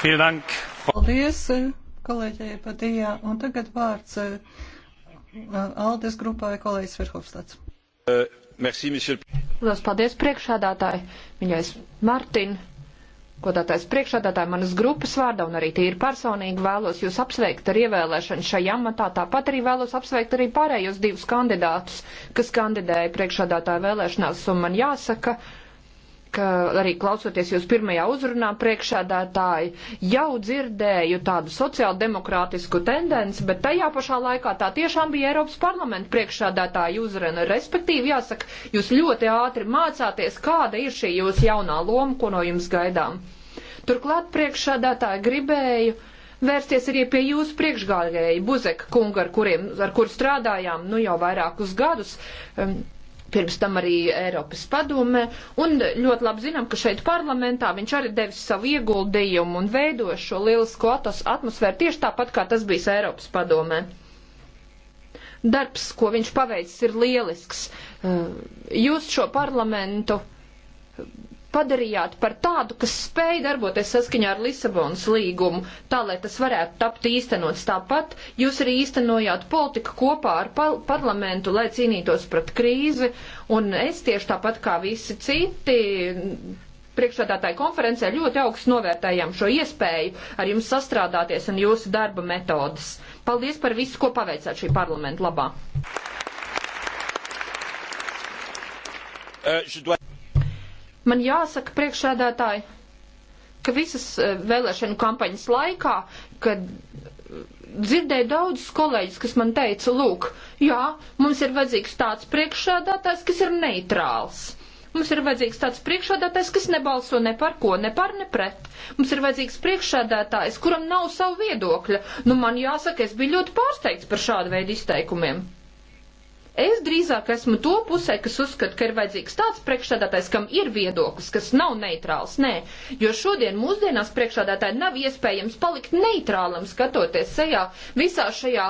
Speaker 1: Vielen Dank. Paldies kolēģei Padijā. Un tagad vārds eh,
Speaker 4: Aldes grupai kolēģis Verhofstads. Eh, merci, monsieur. Lielas paldies priekšādātāji, viņais Martin, godātais priekšādātāji manas grupas vārdā un arī tīri personīgi vēlos jūs apsveikt ar ievēlēšanu šai amatā. Tāpat arī vēlos apsveikt arī pārējos divus kandidātus, kas kandidēja priekšādātāju vēlēšanās. Un man jāsaka, uh, ka arī klausoties jūs pirmajā uzrunā priekšādātāji, jau dzirdēju tādu sociāldemokrātisku tendenci, bet tajā pašā laikā tā tiešām bija Eiropas parlamenta priekšādātāja uzruna. Respektīvi, jāsaka, jūs ļoti ātri mācāties, kāda ir šī jūsu jaunā loma, ko no jums gaidām. Turklāt priekšādātāja gribēju vērsties arī pie jūsu priekšgājēji Buzeka kunga, ar, kuriem, ar kur strādājām nu jau vairākus gadus. Um, pirms tam arī Eiropas padomē, un ļoti labi zinām, ka šeit parlamentā viņš arī devis savu ieguldījumu un veido šo lielisko atmosfēru tieši tāpat, kā tas bijis Eiropas padomē. Darbs, ko viņš paveicis, ir lielisks. Uh, jūs šo parlamentu padarījāt par tādu, kas spēj darboties saskaņā ar Lisabonas līgumu, tā lai tas varētu tapt īstenots tāpat. Jūs arī īstenojāt politiku kopā ar pal parlamentu, lai cīnītos pret krīzi, un es tieši tāpat kā visi citi. Priekšstādātāju konferencē ļoti augstu novērtējām šo iespēju ar jums sastrādāties un jūsu darba metodas. Paldies par visu, ko paveicāt šī parlamenta labā. Uh, Man jāsaka, priekšsēdētāji, ka visas e, vēlēšanu kampaņas laikā, kad e, dzirdēju daudzus kolēģus, kas man teica, lūk, jā, mums ir vajadzīgs tāds priekšsādātājs, kas ir neitrāls. Mums ir vajadzīgs tāds priekšsādātājs, kas nebalso ne par ko, ne par, ne pret. Mums ir vajadzīgs priekšsādātājs, kuram nav savu viedokļa. Nu, man jāsaka, es biju ļoti pārsteigts par šādu veidu izteikumiem. Es drīzāk esmu to pusē, kas uzskata, ka ir vajadzīgs tāds priekšsādātājs, kam ir viedoklis, kas nav neitrāls. Nē, jo šodien mūsdienās priekšsādātāji nav iespējams palikt neitrālam, skatoties sejā visā šajā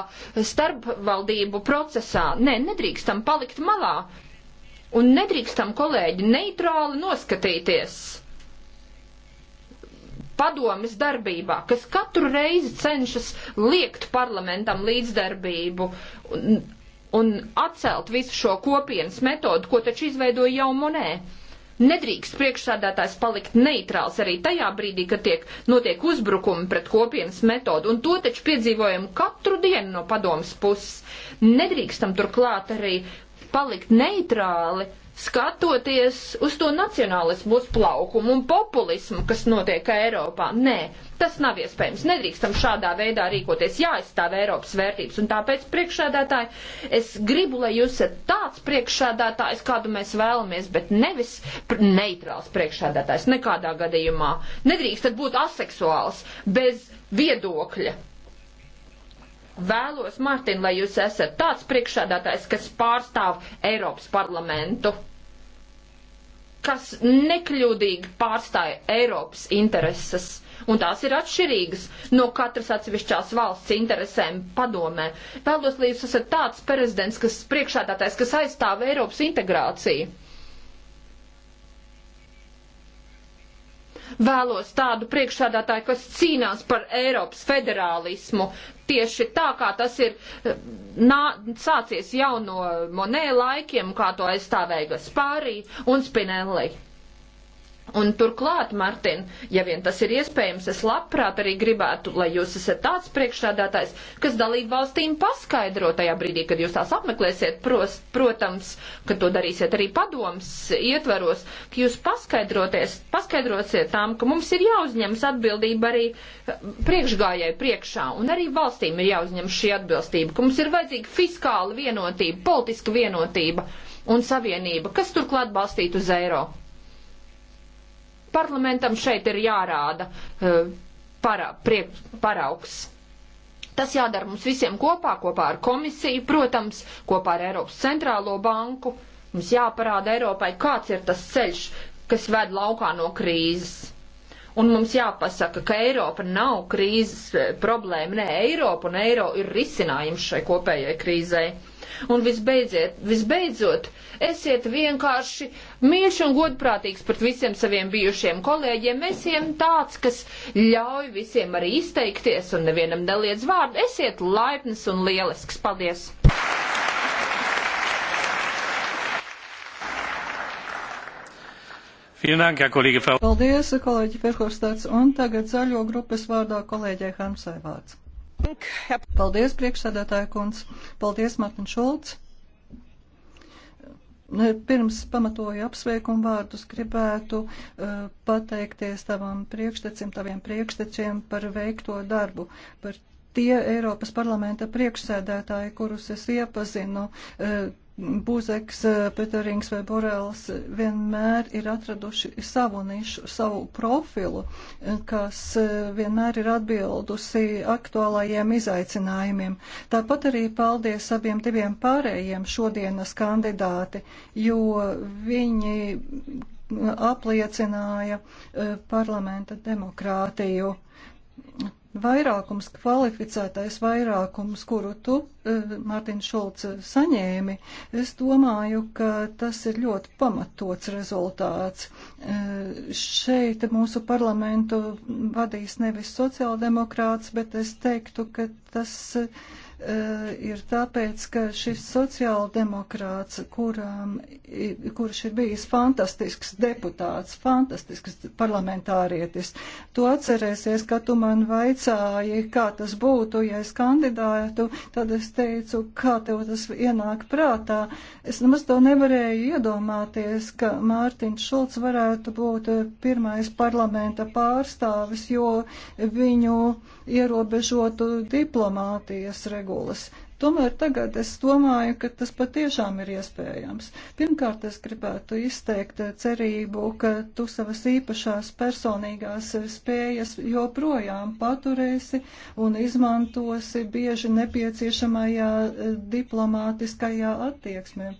Speaker 4: starpvaldību procesā. Nē, nedrīkstam palikt malā. Un nedrīkstam, kolēģi, neitrāli noskatīties padomis darbībā, kas katru reizi cenšas liekt parlamentam līdzdarbību. Un, un atcelt visu šo kopienas metodu, ko taču izveidoja jau Monē. Nedrīkst priekšsādātājs palikt neitrāls arī tajā brīdī, kad tiek notiek uzbrukumi pret kopienas metodu, un to taču piedzīvojam katru dienu no padomas puses. Nedrīkstam turklāt arī palikt neitrāli skatoties uz to nacionālismu uzplaukumu un populismu, kas notiek Eiropā. Nē, tas nav iespējams. Nedrīkstam šādā veidā rīkoties. Jāizstāv Eiropas vērtības. Un tāpēc, priekšsēdētāji, es gribu, lai jūs esat tāds priekšsēdētājs, kādu mēs vēlamies, bet nevis neitrāls priekšsēdētājs nekādā gadījumā. Nedrīkstat būt aseksuāls bez viedokļa vēlos, Mārtiņ, lai jūs esat tāds priekšādātājs, kas pārstāv Eiropas parlamentu, kas nekļūdīgi pārstāja Eiropas intereses. Un tās ir atšķirīgas no katras atsevišķās valsts interesēm padomē. Vēlos, lai jūs esat tāds prezidents, kas priekšādātājs, kas aizstāv Eiropas integrāciju. vēlos tādu priekšsādātāju, kas cīnās par Eiropas federālismu, tieši tā, kā tas ir eh, nā, sācies jau no Monē laikiem, kā to aizstāvēja Gaspārī un Spinelli. Un turklāt, Martin, ja vien tas ir iespējams, es labprāt arī gribētu, lai jūs esat tāds priekšsādātājs, kas dalību valstīm paskaidro tajā brīdī, kad jūs tās apmeklēsiet, pros, protams, ka to darīsiet arī padoms ietvaros, ka jūs paskaidrosiet tām, ka mums ir jāuzņemas atbildība arī eh, priekšgājai priekšā, un arī valstīm ir jāuzņem šī atbilstība, ka mums ir vajadzīga fiskāla vienotība, politiska vienotība un savienība, kas turklāt balstītu uz eiro. Parlamentam šeit ir jārāda eh, para, priek, paraugs. Tas jādara mums visiem kopā, kopā ar komisiju, protams, kopā ar Eiropas centrālo banku. Mums jāparāda Eiropai, kāds ir tas ceļš, kas ved laukā no krīzes. Un mums jāpasaka, ka Eiropa nav krīzes eh, problēma, ne Eiropa, un Eiro ir risinājums šai kopējai krīzei. Un visbeidziet, visbeidzot, Esiet vienkārši mīļš un godprātīgs pret visiem saviem bijušiem kolēģiem. Esiet tāds, kas ļauj visiem arī izteikties un nevienam neliedz vārdu. Esiet laipns un lielisks. Paldies!
Speaker 1: Paldies, kolēģi Ferhorstāts. Un tagad zaļo grupas vārdā kolēģei Harmsai vārds. Paldies, priekšsēdētāja kungs. Paldies, Martin Šulc. Nu, pirms pamatoju apsveikumu vārdus gribētu uh, pateikties tavam priekštecim, taviem priekšteciem par veikto darbu, par tie Eiropas parlamenta priekšsēdētāji, kurus es iepazinu. Uh, Buzeks, Peterings vai Borels vienmēr ir atraduši savu nišu, savu profilu, kas eh, vienmēr ir atbildusi aktuālajiem izaicinājumiem. Tāpat arī paldies abiem diviem pārējiem šodienas kandidāti, jo viņi eh, apliecināja eh, parlamenta demokrātiju vairākums, kvalificētais vairākums, kuru tu, e, Mārtiņš Šulc, saņēmi, es domāju, ka tas ir ļoti pamatots rezultāts. E, šeit mūsu parlamentu vadīs nevis sociāldemokrāts, bet es teiktu, ka tas E, ir tāpēc, ka šis sociāldemokrāts, kurām, kurš ir bijis fantastisks deputāts, fantastisks parlamentārietis, tu atcerēsies, ka tu man vaicāji, kā tas būtu, ja es kandidātu, tad es teicu, kā tev tas ienāk prātā. Es nemaz to nevarēju iedomāties, ka Mārtiņš Šulcs varētu būt pirmais parlamenta pārstāvis, jo viņu ierobežotu diplomātijas regulāciju regulas. Tomēr tagad es domāju, ka tas patiešām ir iespējams. Pirmkārt, es gribētu izteikt cerību, ka tu savas īpašās personīgās spējas joprojām paturēsi un izmantosi bieži nepieciešamajā eh, diplomātiskajā attieksmē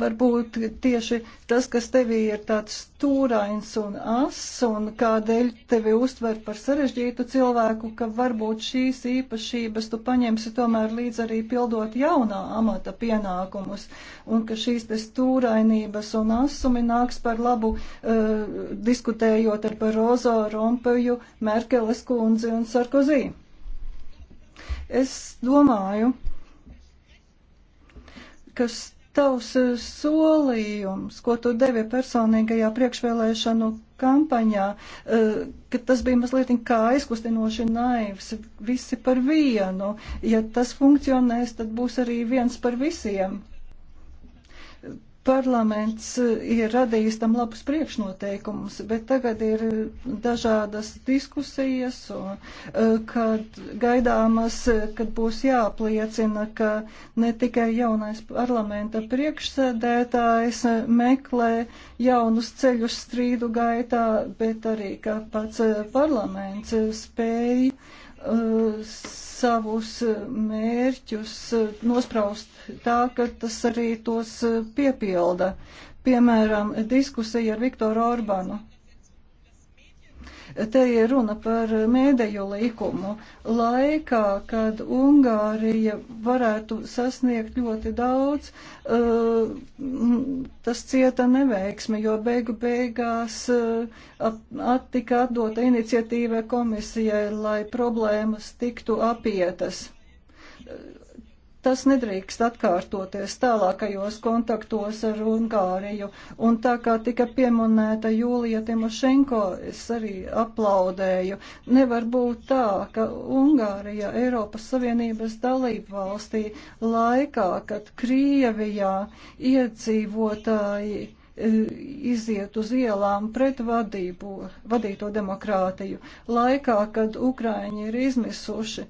Speaker 1: varbūt tieši tas, kas tevī ir tāds stūrains un ass un kādēļ tevi uztver par sarežģītu cilvēku, ka varbūt šīs īpašības tu paņemsi tomēr līdz arī pildot jaunā amata pienākumus un ka šīs te stūrainības un asumi nāks par labu uh, diskutējot ar Barozo, Rompeju, Merkeles kundzi un Sarkozī. Es domāju, kas Tavs eh, solījums, ko tu devi personīgajā priekšvēlēšanu kampaņā, eh, ka tas bija mazliet kā aizkustinoši naivs, visi par vienu. Ja tas funkcionēs, tad būs arī viens par visiem. Parlaments eh, ir radījis tam labus priekšnoteikumus, bet tagad ir dažādas diskusijas, un, eh, kad gaidāmas, kad būs jāapliecina, ka ne tikai jaunais parlamenta priekšsēdētājs eh, meklē jaunus ceļus strīdu gaitā, bet arī, ka pats parlaments spēj Uh, savus mērķus uh, nospraust tā, ka tas arī tos uh, piepilda. Piemēram, diskusija ar Viktoru Orbanu. Te ir runa par mēdēju likumu laikā, kad Ungārija varētu sasniegt ļoti daudz, uh, tas cieta neveiksmi, jo beigu beigās uh, attika atdota iniciatīva komisijai, lai problēmas tiktu apietas Tas nedrīkst atkārtoties tālākajos kontaktos ar Ungāriju. Un tā kā tika pieminēta Jūlija Timošenko, es arī aplaudēju. Nevar būt tā, ka Ungārija Eiropas Savienības dalību valstī laikā, kad Krievijā iedzīvotāji e, iziet uz ielām pret vadību, vadīto demokrātiju, laikā, kad Ukraiņi ir izmisuši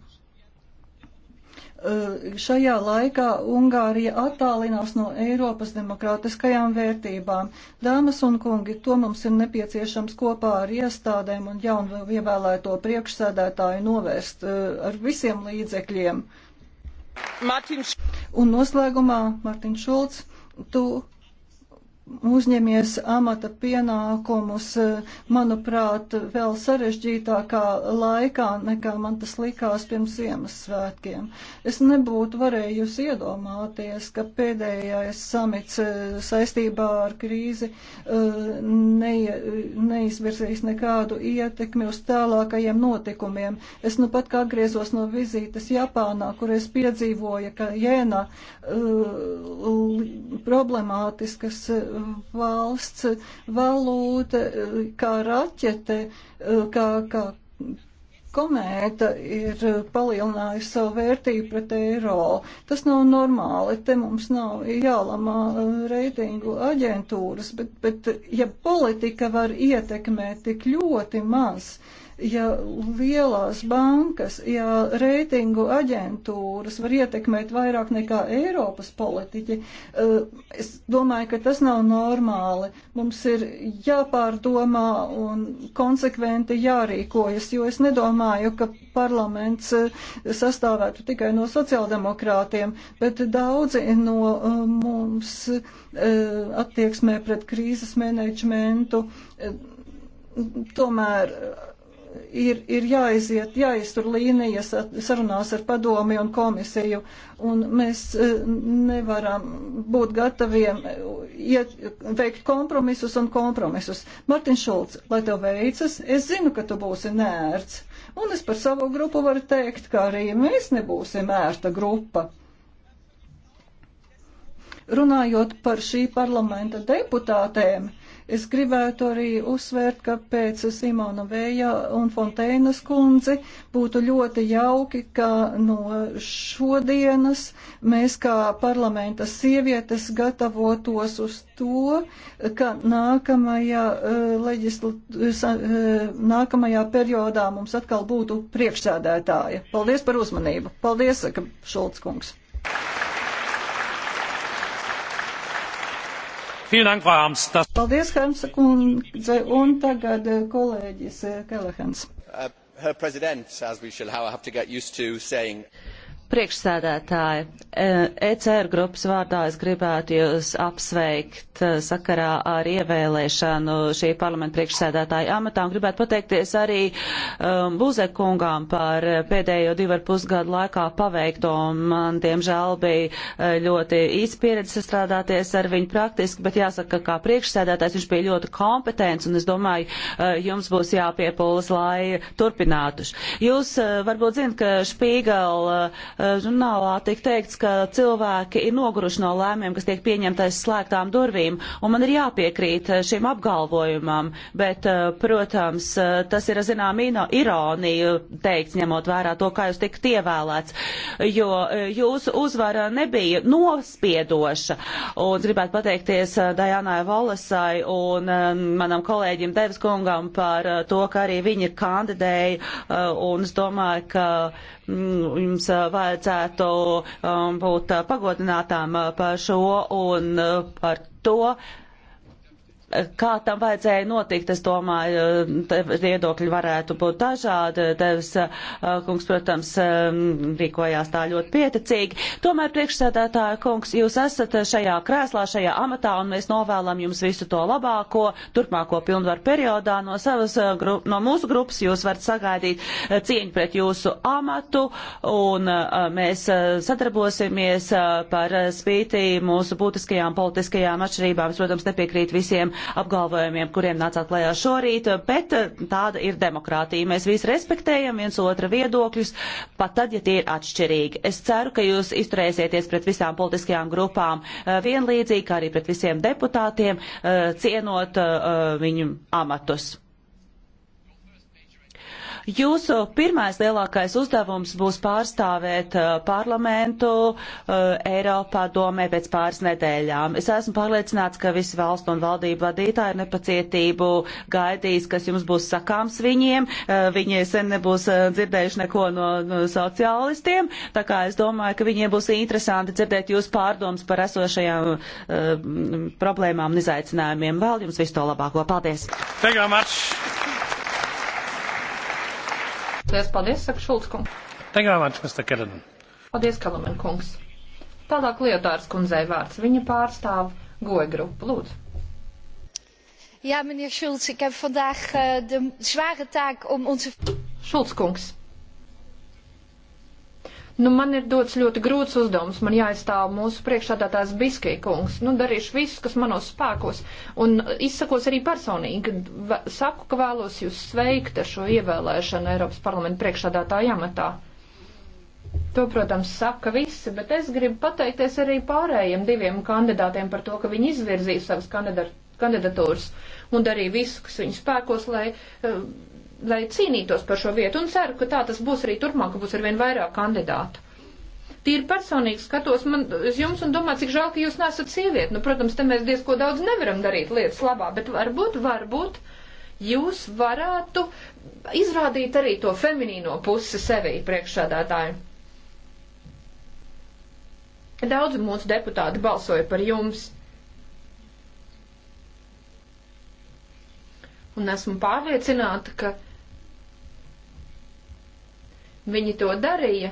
Speaker 1: Eh, šajā laikā Ungārija attālinās no Eiropas demokrātiskajām vērtībām. Dāmas un kungi, to mums ir nepieciešams kopā ar iestādēm un jaunu ievēlēto priekšsēdētāju novērst eh, ar visiem līdzekļiem. Martin. Un noslēgumā, Martin Šulc, tu uzņemies amata pienākumus, manuprāt, vēl sarežģītākā laikā, nekā man tas likās pirms Ziemassvētkiem. Es nebūtu varējusi iedomāties, ka pēdējais samits eh, saistībā ar krīzi eh, ne, neizvirzīs nekādu ietekmi uz tālākajiem notikumiem. Es nu pat kā atgriezos no vizītes Japānā, kur es piedzīvoju, ka jēna eh, problemātiskas valsts valūta, kā raķete, kā, kā komēta ir palielinājusi savu vērtību pret eiro. Tas nav normāli. Te mums nav jālamā reitingu aģentūras, bet, bet ja politika var ietekmēt tik ļoti maz, uh, ja lielās bankas, ja reitingu aģentūras var ietekmēt vairāk nekā Eiropas politiķi, eh, es domāju, ka tas nav normāli. Mums ir jāpārdomā un konsekventi jārīkojas, jo es nedomāju, ka parlaments eh, sastāvētu tikai no sociāldemokrātiem, bet daudzi no eh, mums attieksmē pret krīzes menedžmentu tomēr ir, ir jāiziet, jāiztur līnijas sarunās ar padomi un komisiju, un mēs e, nevaram būt gataviem iet, veikt kompromisus un kompromisus. Martin Šulc, lai tev veicas, es zinu, ka tu būsi nērts, un es par savu grupu varu teikt, ka arī mēs nebūsim ērta grupa. Runājot par šī parlamenta deputātēm, Es gribētu arī uzsvērt, ka pēc Simona Vēja un Fonteinas kundzi būtu ļoti jauki, ka no šodienas mēs kā parlamenta sievietes gatavotos uz to, ka nākamajā, eh, leģisla, eh, nākamajā periodā mums atkal būtu priekšsēdētāja. Paldies par uzmanību. Paldies, saka Šulc kungs.
Speaker 4: Paldies,
Speaker 1: Hermsa kundze, un tagad eh, kolēģis eh, Kelehans. Uh,
Speaker 2: Priekšsēdētāji, ECR e grupas vārdā es gribētu jūs apsveikt e, sakarā ar ievēlēšanu šī parlamenta priekšsēdētāja amatā un gribētu pateikties arī um, e, Buzekungām par pēdējo divu ar pusgadu laikā paveikto. Man, diemžēl, bija ļoti īsta pieredze sastrādāties ar viņu praktiski, bet jāsaka, kā priekšsēdētājs viņš bija ļoti kompetents un es domāju, jums būs jāpiepūlas, lai turpinātu. Jūs varbūt zinat, ka Špīgala žurnālā tiek teikts, ka cilvēki ir noguruši no lēmiem, kas tiek pieņemtais slēgtām durvīm, un man ir jāpiekrīt eh, šim apgalvojumam, bet, eh, protams, eh, tas ir, zinām, ironija teikts, ņemot vērā to, kā jūs tikt ievēlēts, jo jūsu uzvara nebija nospiedoša, un gribētu pateikties Dajanai Volasai un manam kolēģim Devis kungam par to, ka arī viņi ir kandidēji, un es domāju, ka jums eh, vajadzētu eh, būt eh, pagodinātām par šo un par to, Kā tam vajadzēja notikt, es domāju, eh, viedokļi varētu būt dažādi. Devs eh, kungs, protams, eh, rīkojās tā ļoti pieticīgi. Tomēr, priekšsēdētāja kungs, jūs esat šajā krēslā, šajā amatā, un mēs novēlam jums visu to labāko turpmāko pilnvaru periodā. No, savas, no mūsu grupas jūs varat sagaidīt cieņu pret jūsu amatu, un mēs sadarbosimies par spīti mūsu būtiskajām politiskajām atšķirībām. Es, protams, nepiekrīt visiem apgalvojumiem, kuriem nācāt klajā šorīt, bet eh, tāda ir demokrātija. Mēs visi respektējam viens otra viedokļus, pat tad, ja tie ir atšķirīgi. Es ceru, ka jūs izturēsieties pret visām politiskajām grupām eh, vienlīdzīgi, kā arī pret visiem deputātiem, eh, cienot viņu amatus. Jūsu pirmais lielākais uzdevums būs pārstāvēt uh, parlamentu uh, Eiropā domē pēc pāris nedēļām. Es esmu pārliecināts, ka visi valstu un valdību vadītāji ar nepacietību gaidīs, kas jums būs sakāms viņiem. Uh, viņi sen nebūs dzirdējuši neko no, no sociālistiem, tā kā es domāju, ka viņiem būs interesanti dzirdēt jūs pārdomas par esošajām uh, problēmām un izaicinājumiem. Vēl jums visu to labāko. Paldies! Thank you very much.
Speaker 4: Lielas paldies, saka Šulskungs.
Speaker 2: Tegāvāts, kas te Kelenan.
Speaker 4: Paldies, Kalamen kungs. Tālāk Lietārs kundzei vārds. Viņa pārstāv goja grupu. Lūdzu.
Speaker 1: Ja, meneer Schulz, ik heb vandaag uh, de zware taak om onze.
Speaker 4: Schulz, kungs. Nu, man ir dots ļoti grūts uzdevums. Man jāizstāv mūsu priekšstādātājs Biskī kungs. Nu, darīšu visu, kas manos spēkos. Un izsakos arī personīgi. Saku, ka vēlos jūs sveikt ar šo ievēlēšanu Eiropas parlamenta priekšstādātāja amatā. To, protams, saka visi, bet es gribu pateikties arī pārējiem diviem kandidātiem par to, ka viņi izvirzīja savas kandidatūras un darīja visu, kas viņu spēkos, lai uh, lai cīnītos par šo vietu, un ceru, ka tā tas būs arī turpmāk, ka būs arvien vairāk kandidātu tīri personīgi skatos man, uz jums un domāju, cik žēl, ka jūs nesat sieviete. Nu, protams, te mēs diezko daudz nevaram darīt lietas labā, bet varbūt, varbūt jūs varētu izrādīt arī to feminīno pusi sevī priekšsādātāju. Daudz mūsu deputāti balsoja par jums. Un esmu pārliecināta, ka Viņi to darīja,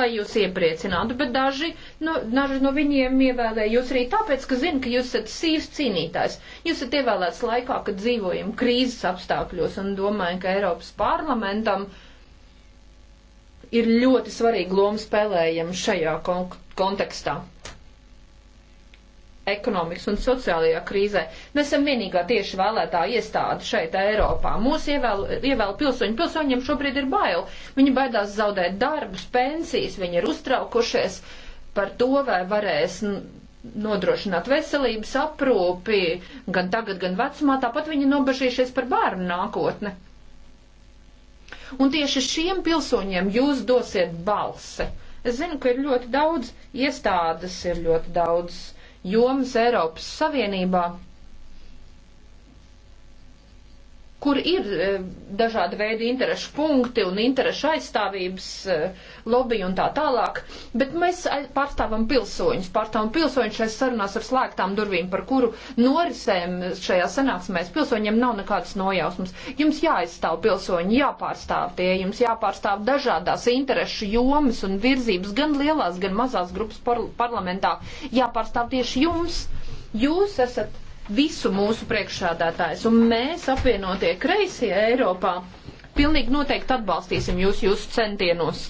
Speaker 4: lai jūs iepriecinātu, bet daži, nu, daži no viņiem ievēlēja jūs arī tāpēc, ka zina, ka jūs esat sīvs cīnītājs. Jūs esat ievēlēts laikā, kad dzīvojam krīzes apstākļos un domājam, ka Eiropas parlamentam ir ļoti svarīga loma spēlējama šajā kon kontekstā ekonomikas un sociālajā krīzē. Nesam vienīgā tieši vēlētā iestāde šeit Eiropā. Mūsu ievēl, ievēl pilsoņi. Pilsoņiem šobrīd ir bail. Viņi baidās zaudēt darbus, pensijas, viņi ir uztraukušies par to, vai varēs nodrošināt veselības aprūpi gan tagad, gan vecumā. Tāpat viņi nobežījušies par bērnu nākotni. Un tieši šiem pilsoņiem jūs dosiet balsi. Es zinu, ka ir ļoti daudz iestādes, ir ļoti daudz jomas Eiropas Savienībā kur ir e, dažādi veidi interešu punkti un interešu aizstāvības e, lobby un tā tālāk, bet mēs pārstāvam pilsoņus, pārstāvam pilsoņus šajās sarunās ar slēgtām durvīm, par kuru norisēm šajā sanāksmēs pilsoņiem nav nekādas nojausmas. Jums jāaizstāv pilsoņi, jāpārstāv tie, jums jāpārstāv dažādās interešu jomas un virzības, gan lielās, gan mazās grupas par parlamentā, jāpārstāv tieši jums. Jūs esat visu mūsu priekšsādātājs. Un mēs, apvienotie kreisie Eiropā, pilnīgi noteikti atbalstīsim jūs jūsu centienos.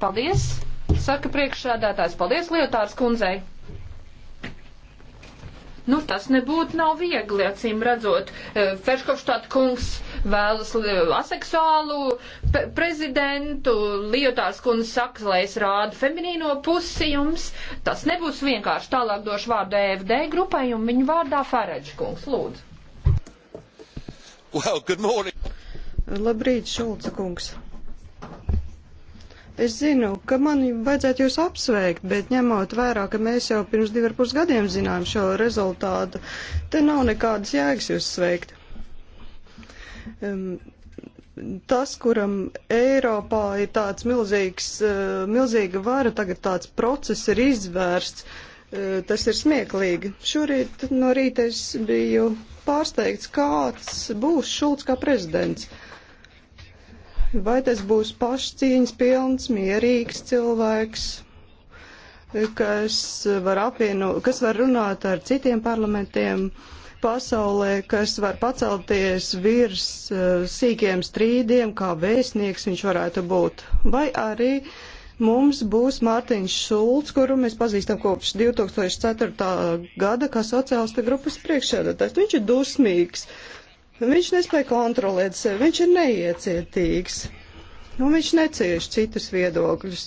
Speaker 4: Paldies, saka priekšsādātājs. Paldies, Lietārs kundzei. Nu, tas nebūtu nav viegli, acīm redzot. Eh, Ferškovštāt kungs vēlas e, aseksuālu prezidentu, Lietārs kundze saka, lai es rādu feminīno pusi jums. Tas nebūs vienkārši tālāk došu vārdu EFD grupai un viņu vārdā Fereģi kungs, lūdzu.
Speaker 6: Well, good morning.
Speaker 3: Labrīt, Šulca kungs. Es zinu, ka man vajadzētu jūs apsveikt, bet ņemot vērā, ka mēs jau pirms divi ar pus gadiem zinām šo rezultātu, te nav nekādas jēgas jūs sveikt tas, kuram Eiropā ir tāds milzīgs, e, milzīga vara, tagad tāds process ir izvērsts, e, tas ir smieklīgi. Šorīt no rīta es biju pārsteigts, kāds būs Šulc kā prezidents. Vai tas būs pašcīņas pilns, mierīgs cilvēks, kas var apvienot, kas var runāt ar citiem parlamentiem, uh, pasaulē, kas var pacelties virs eh, sīkiem strīdiem, kā vēstnieks viņš varētu būt. Vai arī mums būs Mārtiņš Šulcs, kuru mēs pazīstam kopš 2004. gada, kā sociālista grupas priekšsēdētājs. Viņš ir dusmīgs, viņš nespēja kontrolēt sevi, viņš ir neiecietīgs un viņš necieš citus viedokļus,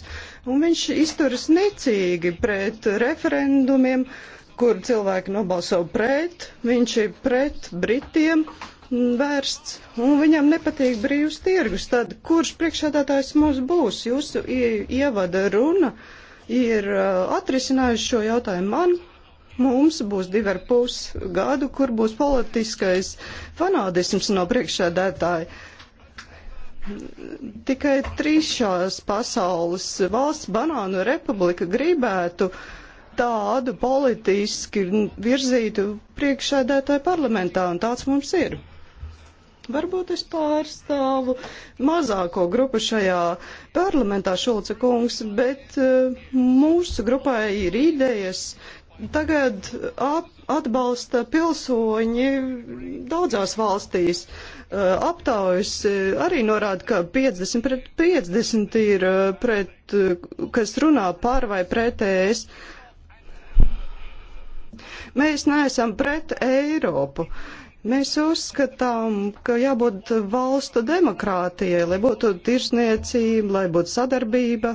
Speaker 3: un viņš izturas necīgi pret referendumiem, uh, kur cilvēki nobalso pret, viņš ir pret Britiem mm, vērsts, un viņam nepatīk brīvs tirgus. Tad kurš priekšādātājs mums būs? Jūsu ievada runa ir uh, atrisinājusi šo jautājumu man. Mums būs divi ar pus gadu, kur būs politiskais fanādisms no priekšādātāja. Tikai trīs šās pasaules valsts banānu republika gribētu uh, tādu politiski virzītu priekšsēdētāju parlamentā, un tāds mums ir. Varbūt es pārstāvu mazāko grupu šajā parlamentā, Šulce kungs, bet eh, mūsu grupai ir idejas. Tagad atbalsta pilsoņi daudzās valstīs. Eh, aptaujas eh, arī norāda, ka 50 pret 50 ir pret, kas runā par vai pret ēst. E Mēs neesam pret Eiropu. Mēs uzskatām, ka jābūt valstu demokrātijai, lai būtu tirsniecība, lai būtu sadarbība,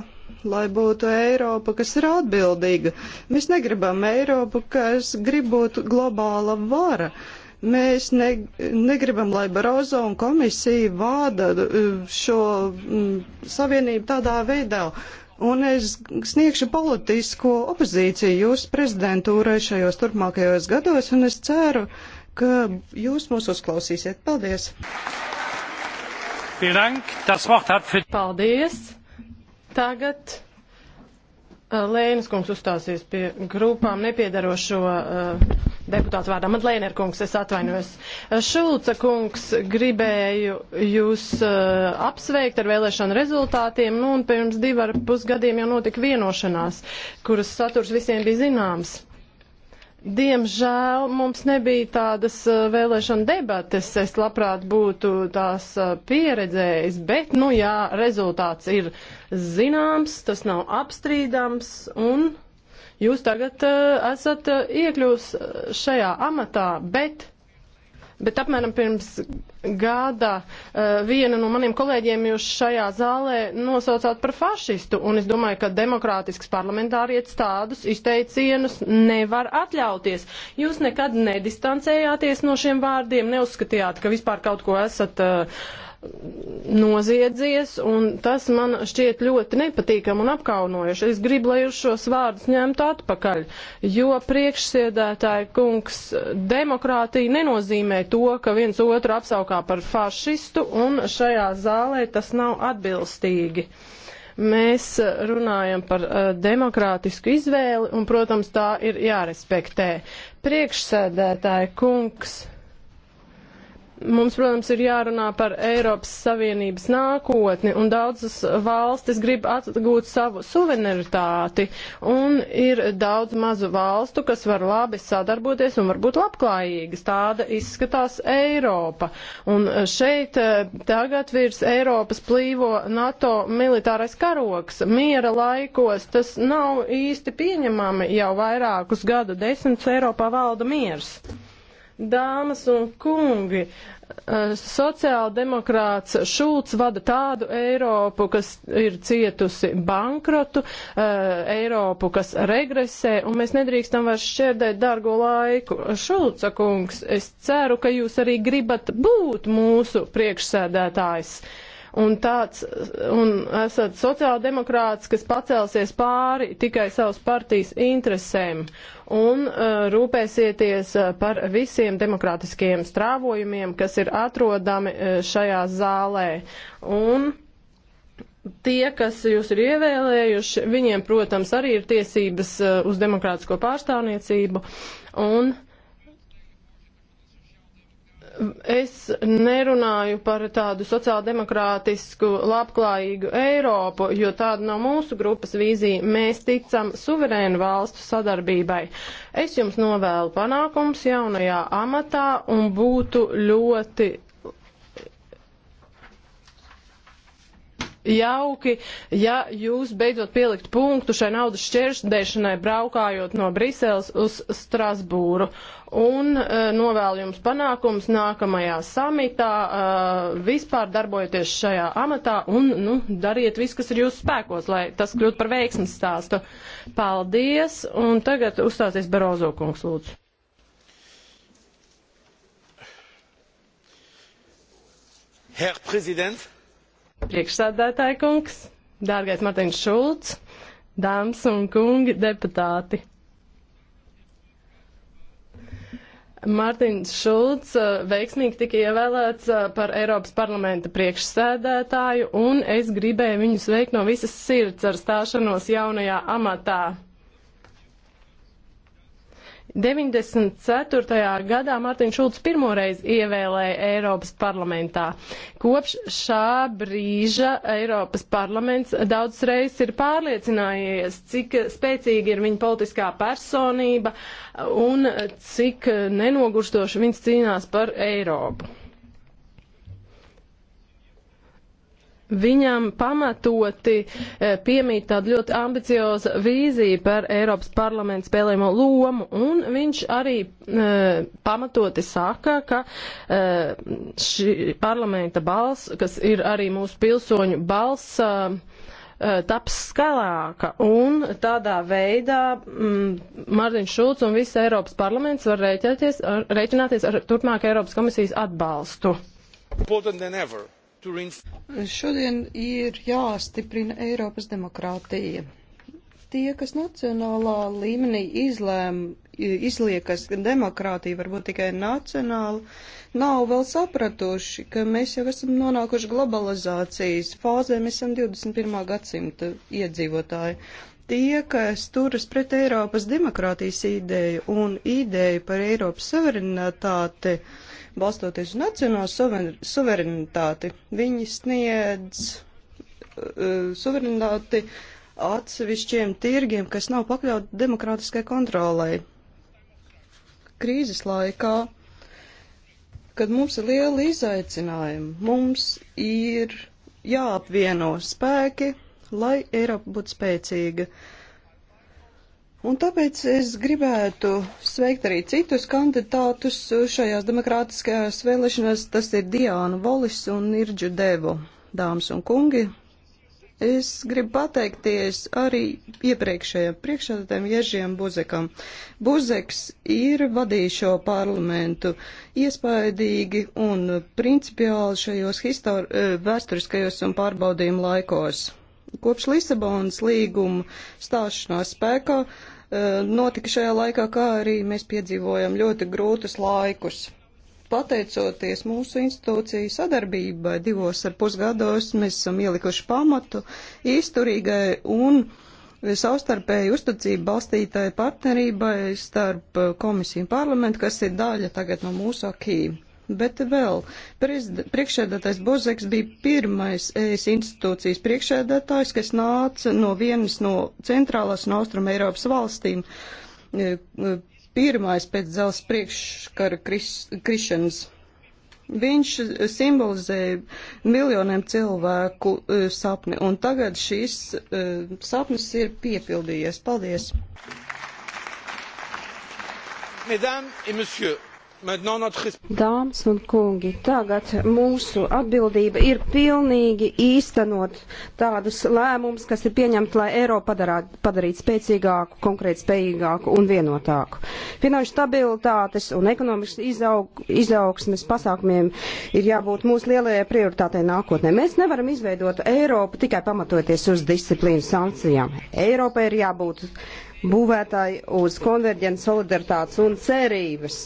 Speaker 3: lai būtu Eiropa, kas ir atbildīga. Mēs negribam Eiropu, kas grib būt globāla vara. Mēs ne, negribam, lai Barozo un komisija vāda uh, šo mm, savienību tādā veidā, Un es sniegšu politisko opozīciju jūsu prezidentūrai šajos turpmākajos gados, un es ceru, ka
Speaker 5: jūs mūs uzklausīsiet. Paldies! Paldies! Tagad Eh, Lēnis kungs uzstāsies pie grupām nepiedarošo uh, deputātu vārdā. Man Lēner kungs, es atvainojos. Eh, Šulca kungs gribēju jūs uh, apsveikt ar vēlēšanu rezultātiem, nu un pirms divar pusgadiem jau notika vienošanās, kuras saturs visiem bija zināms. Diemžēl mums nebija tādas eh, vēlēšana debates, es labprāt būtu tās eh, pieredzējis, bet, nu jā, rezultāts ir zināms, tas nav apstrīdams, un jūs tagad eh, esat iekļūs šajā amatā, bet Bet apmēram pirms gada uh, viena no maniem kolēģiem jūs šajā zālē nosaucāt par fašistu, un es domāju, ka demokrātisks parlamentārietis tādus izteicienus nevar atļauties. Jūs nekad nedistancējāties no šiem vārdiem, neuzskatījāt, ka vispār kaut ko esat uh, noziedzies, un tas man šķiet ļoti nepatīkam un apkaunojuši. Es gribu, lai jūs šos vārdus ņemtu atpakaļ, jo priekšsēdētāja kungs demokrātija nenozīmē to, ka viens otru apsaukā par fašistu, un šajā zālē tas nav atbilstīgi. Mēs runājam par uh, demokrātisku izvēli, un, protams, tā ir jārespektē. Priekšsēdētāja kungs Mums, protams, ir jārunā par Eiropas Savienības nākotni, un daudzas valstis grib atgūt savu suverenitāti, un ir daudz mazu valstu, kas var labi sadarboties un varbūt labklājīgas. Tāda izskatās Eiropa. Un šeit eh, tagad virs Eiropas plīvo NATO militārais karoks. Miera laikos tas nav īsti pieņemami, jau vairākus gadu desmitus Eiropā valda miers. Dāmas un kungi, eh, sociāldemokrāts Šulcs vada tādu Eiropu, kas ir cietusi bankrotu, eh, Eiropu, kas regresē, un mēs nedrīkstam vairs šķērdēt dārgo laiku. Šulca kungs, es ceru, ka jūs arī gribat būt mūsu priekšsēdētājs un, tāds, un esat sociāldemokrāts, kas pacelsies pāri tikai savas partijas interesēm un uh, rūpēsieties uh, par visiem demokrātiskajiem strāvojumiem, kas ir atrodami uh, šajā zālē. Un, Tie, kas jūs ir ievēlējuši, viņiem, protams, arī ir tiesības uh, uz demokrātisko pārstāvniecību, un Es nerunāju par tādu sociāldemokrātisku, labklājīgu Eiropu, jo tāda nav mūsu grupas vīzija. Mēs ticam suverēnu valstu sadarbībai. Es jums novēlu panākums jaunajā amatā un būtu ļoti jauki, ja jūs beidzot pielikt punktu šai naudas šķēršdēšanai, braukājot no Briseles uz Strasbūru. Un uh, novēlu jums panākums nākamajā samitā, uh, vispār darbojoties šajā amatā un nu, dariet visu, kas ir jūsu spēkos, lai tas kļūtu par veiksmes stāstu. Paldies, un tagad uzstāsies Barozo kungs, lūdzu. Herr Präsident! Priekšsādātāja kungs, dārgais Martins Šulcs, dāmas un kungi deputāti. Mārtiņš Šulcs eh, veiksmīgi tika ievēlēts eh, par Eiropas parlamenta priekšsēdētāju, un es gribēju viņu sveikt no visas sirds ar stāšanos jaunajā amatā. 94. gadā Mārtiņš Šulcs pirmoreiz ievēlēja Eiropas parlamentā. Kopš šā brīža Eiropas parlaments daudz reizes ir pārliecinājies, cik spēcīgi ir viņa politiskā personība un cik nenogurstoši viņš cīnās par Eiropu. Viņam pamatoti eh, piemīt tāda ļoti ambicioza vīzija par Eiropas parlamentu spēlēmo lomu, un viņš arī e, pamatoti saka, ka e, šī parlamenta balss, kas ir arī mūsu pilsoņu balss, e, taps skalāka, un tādā veidā mm, Mārtiņš Šulc un viss Eiropas parlaments var rēķināties ar, rēķināties ar turpmāk Eiropas komisijas atbalstu.
Speaker 6: Important than ever.
Speaker 3: Šodien ir jāstiprina Eiropas demokrātija. Tie, kas nacionālā līmenī izlēm, izliekas, ka demokrātija var būt tikai nacionāla, nav vēl sapratuši, ka mēs jau esam nonākuši globalizācijas fāzē, mēs esam 21. gadsimta iedzīvotāji tie, kas turas pret Eiropas demokrātijas ideju un ideju par Eiropas suverenitāti, balstoties uz nacionālo suverenitāti, viņi sniedz uh, suverenitāti atsevišķiem tirgiem, kas nav pakļauti demokrātiskai kontrolai. Krīzes laikā, kad mums ir liela izaicinājuma, mums ir jāapvieno spēki, lai Eiropa būtu spēcīga. Uh, Un tāpēc es gribētu sveikt arī citus kandidātus šajās demokrātiskajās vēlēšanās. Tas ir Diāna Volis un Irģu Devu, dāmas un kungi. Es gribu pateikties arī iepriekšējiem priekšādātājiem Ježiem Buzekam. Buzeks ir vadījis šo parlamentu iespaidīgi un principiāli šajos histori, eh, vēsturiskajos un pārbaudījumu laikos. Kopš Lisabonas līguma stāšanās spēkā Eh, notika šajā laikā, kā arī mēs piedzīvojam ļoti grūtus laikus. Pateicoties mūsu institūciju sadarbībai divos ar pusgados, mēs esam ielikuši pamatu izturīgai un savstarpēji uzticību balstītāji partnerībai starp komisiju un parlamentu, kas ir daļa tagad no mūsu akīm. Bet vēl priekšsēdētājs Bozeks bija pirmais ES institūcijas priekšsēdētājs, kas nāca no vienas no centrālās un austruma Eiropas valstīm. E, e, pirmais pēc dzels priekškara kris, krišanas. Viņš simbolizēja miljoniem cilvēku e, sapni, un tagad šīs sapnis ir piepildījies. Paldies!
Speaker 6: Mesdames et messieurs, Dāmas un kungi, tagad mūsu atbildība ir pilnīgi īstenot tādus lēmumus, kas ir pieņemti, lai Eiropu padarāt, padarītu spēcīgāku, konkrēt spējīgāku un vienotāku. Finanšu stabilitātes un ekonomikas izaug, izaugsmes pasākumiem ir jābūt mūsu lielajai prioritātei nākotnē. Mēs nevaram izveidot Eiropu tikai pamatoties uz disciplīnu sankcijām. Eiropai ir jābūt būvētāji uz konverģences, solidaritātes un cerības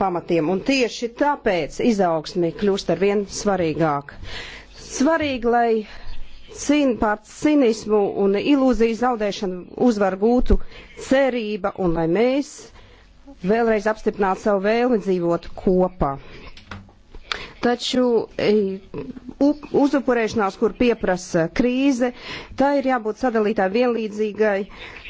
Speaker 6: pamatiem, un tieši tāpēc izaugsmi kļūst ar vien svarīgāk. Svarīgi, lai cīn, pār cinismu un ilūziju zaudēšanu uzvar gūtu cerība, un lai mēs vēlreiz apstiprinātu savu vēlmi dzīvot kopā. Taču uzupurēšanās, kur pieprasa krīze, tā ir jābūt sadalītāji vienlīdzīgai,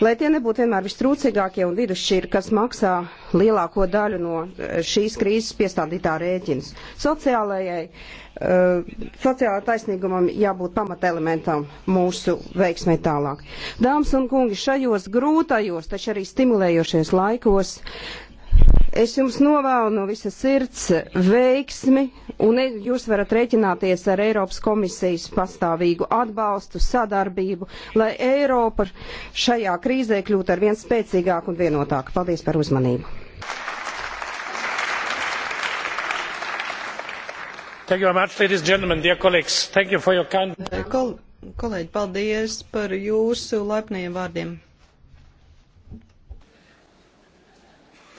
Speaker 6: lai tie nebūtu vienmēr vistrūcīgākie un vidusšķiri, kas maksā lielāko daļu no eh, šīs krīzes piestādītā rēķinas. Sociālajai, eh, sociālajai taisnīgumam jābūt pamatelementam mūsu veiksmē tālāk. Dāmas un kungi, šajos grūtajos, taču arī stimulējošies laikos, Es jums novēlu no visas sirds veiksmi, un jūs varat rēķināties ar Eiropas komisijas pastāvīgu atbalstu, sadarbību, lai Eiropa šajā krīzē kļūtu ar vien spēcīgāku un vienotāku. Paldies par uzmanību!
Speaker 4: Thank you very much, ladies and gentlemen, dear colleagues. Thank you for your kind.
Speaker 1: Kol
Speaker 3: kolēģi, paldies par jūsu laipniem vārdiem.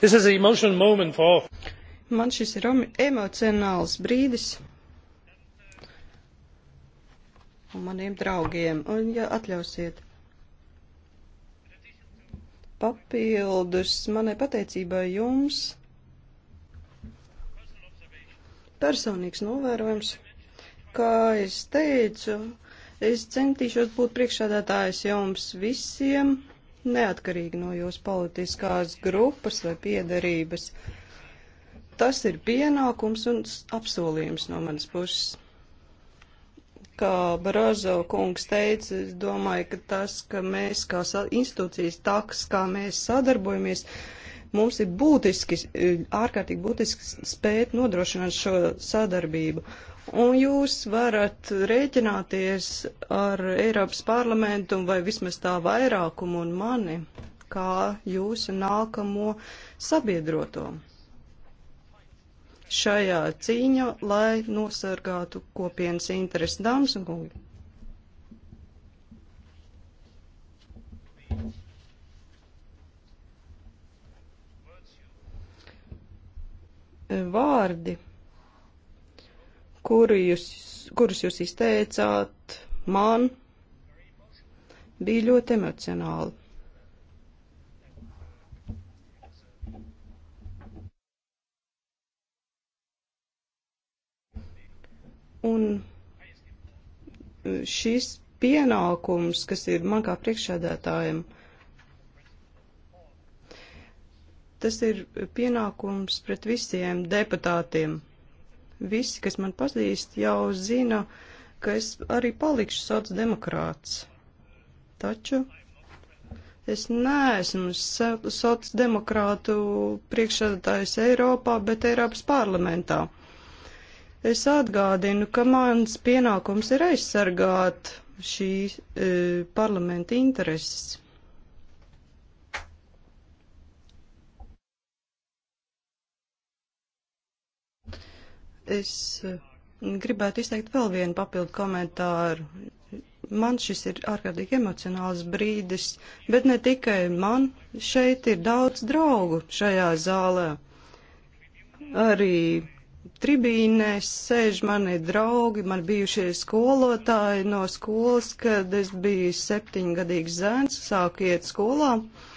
Speaker 1: This is an emotional moment for.
Speaker 3: Man šis ir emocionāls brīdis. Un maniem draugiem, un ja atļausiet. Papildus manai pateicībai jums personīgs novērojums. Kā es teicu, es centīšos būt priekšādātājs jums visiem neatkarīgi no jūsu politiskās grupas vai piedarības. Tas ir pienākums un apsolījums no manas puses. Kā Barozo kungs teica, es domāju, ka tas, ka mēs kā institūcijas taks, kā mēs sadarbojamies, mums ir būtiski, ārkārtīgi būtiski spēt nodrošināt šo sadarbību. Uh, Un jūs varat rēķināties ar Eiropas parlamentu vai vismaz tā vairākumu un mani, kā jūsu nākamo sabiedroto šajā cīņā, lai nosargātu kopienas interesi dāmas un kungi. Vārdi kuru jūs, kurus jūs izteicāt man, bija ļoti emocionāli. Un šis pienākums, kas ir man kā priekšsēdētājiem, tas ir pienākums pret visiem deputātiem. Visi, kas man pazīst, jau zina, ka es arī palikšu sociāldemokrāts. Taču es neesmu sociāldemokrātu priekšsēdētājs Eiropā, bet Eiropas parlamentā. Es atgādinu, ka mans pienākums ir aizsargāt šī e, eh, parlamenta intereses. Es eh, gribētu izteikt vēl vienu papildu komentāru. Man šis ir ārkārtīgi emocionāls brīdis, bet ne tikai man. Šeit ir daudz draugu šajā zālē. Arī tribīnēs sēž mani draugi, man bijušie skolotāji no skolas, kad es biju septiņgadīgs zēns, sāku iet skolā. Uh,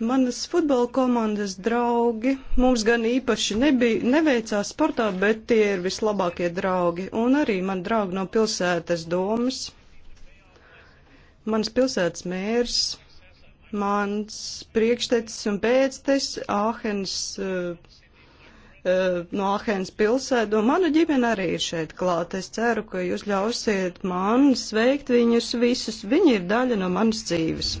Speaker 3: Manas futbola komandas draugi, mums gan īpaši nebija, neveicās sportā, bet tie ir vislabākie draugi. Un arī man draugi no pilsētas domas. Mans pilsētas mērs, mans priekštecis un pēctecis, Āhens, eh, eh, no Āhens pilsētu, un mana ģimene arī ir šeit klāt. Es ceru, ka jūs ļausiet man sveikt viņus visus. Viņi ir daļa no manas dzīves.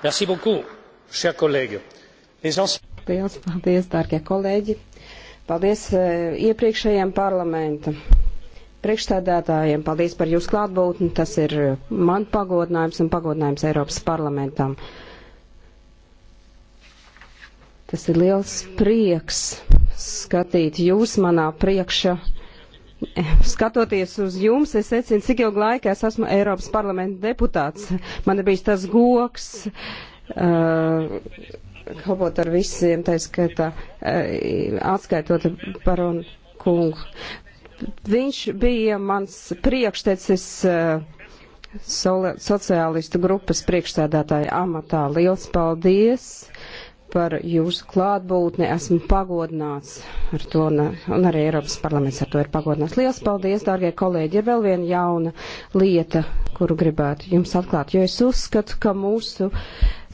Speaker 4: Liels
Speaker 6: paldies, dārgie kolēģi! Paldies eh, iepriekšējiem parlamenta priekšstādātājiem, paldies par jūsu klātbūtni, tas ir eh, man pagodinājums un pagodinājums Eiropas parlamentam. Tas ir liels prieks skatīt jūs manā priekšā Skatoties uz jums, es secinu, cik ilgu laiku es esmu Eiropas parlamenta deputāts. Man ir bijis tas goks uh, kalpot ar visiem, tā skaitā, uh, atskaitot par un kungu. Viņš bija mans priekštecis. Uh, sociālistu grupas priekšsēdētāja amatā. Liels paldies par jūsu klātbūtni. Esmu pagodināts ar to, un arī Eiropas parlaments ar to ir pagodināts. Lielas paldies, dārgie kolēģi. Ir vēl viena jauna lieta, kuru gribētu jums atklāt, jo es uzskatu, ka mūsu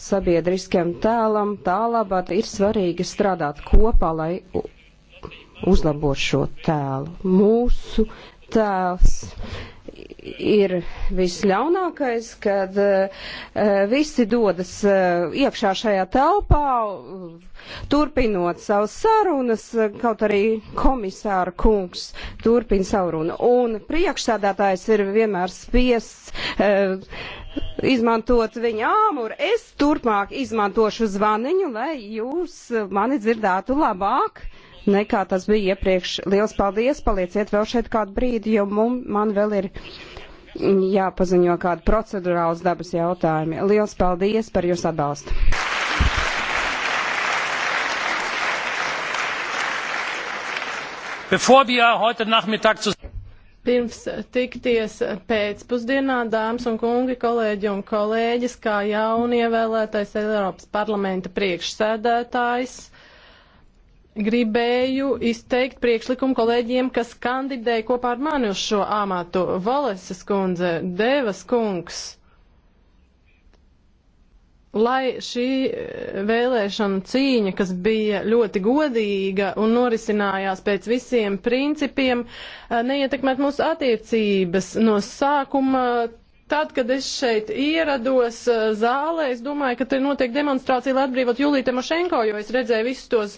Speaker 6: sabiedriskiem tēlam tālābāt ir svarīgi strādāt kopā, lai uzlabot šo tēlu. Mūsu tēls ir visļaunākais, kad uh, visi dodas uh, iekšā šajā telpā, uh, turpinot savas sarunas, uh, kaut arī komisāra kungs turpina savu runu. Un priekšsādātājs ir vienmēr spiests. Uh, Izmantot viņa āmuru, es turpmāk izmantošu zvaniņu, lai jūs mani dzirdētu labāk. Uh, nekā tas bija iepriekš. Liels paldies, palieciet vēl šeit kādu brīdi, jo mum, man vēl ir jāpaziņo kādu procedurāls dabas jautājumi. Liels paldies par jūsu atbalstu!
Speaker 4: Bevor wir heute Nachmittag
Speaker 5: zusammen Pirms tikties pēcpusdienā, dāmas un kungi, kolēģi un kolēģis, kā jaunievēlētais Eiropas parlamenta priekšsēdētājs, gribēju izteikt priekšlikumu kolēģiem, kas kandidēja kopā ar mani uz šo amatu. Valeses kundze, Devas kungs. Lai šī vēlēšana cīņa, kas bija ļoti godīga un norisinājās pēc visiem principiem, neietekmētu mūsu attiecības no sākuma Tad, kad es šeit ierados eh, zālē, es domāju, ka te notiek demonstrācija, lai atbrīvot Juliju Timošenko, jo es redzēju visus tos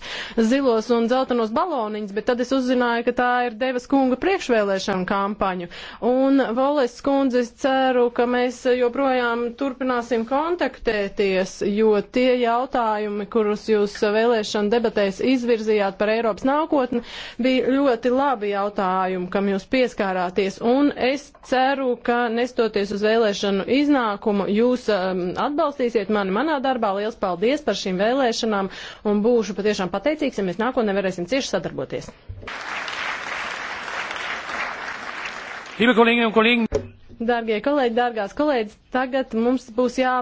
Speaker 5: zilos un zeltenos baloniņus, bet tad es uzzināju, ka tā ir Devas kunga priekšvēlēšana kampaņu. Un, Voles kundze, es ceru, ka mēs joprojām turpināsim kontaktēties, jo tie jautājumi, kurus jūs vēlēšana debatēs izvirzījāt par Eiropas nākotni, bija ļoti labi jautājumi, kam jūs pieskārāties. Un es ceru, ka nestoties uz uz vēlēšanu iznākumu. Jūs um, atbalstīsiet mani manā darbā. Liels paldies par šīm vēlēšanām un būšu patiešām pateicīgs, ja mēs nākotnē varēsim cieši sadarboties.
Speaker 1: Liebe Kolleginnen und Kollegen,
Speaker 5: Darbie kolēģi, dārgās kolēģis, tagad mums būs jā.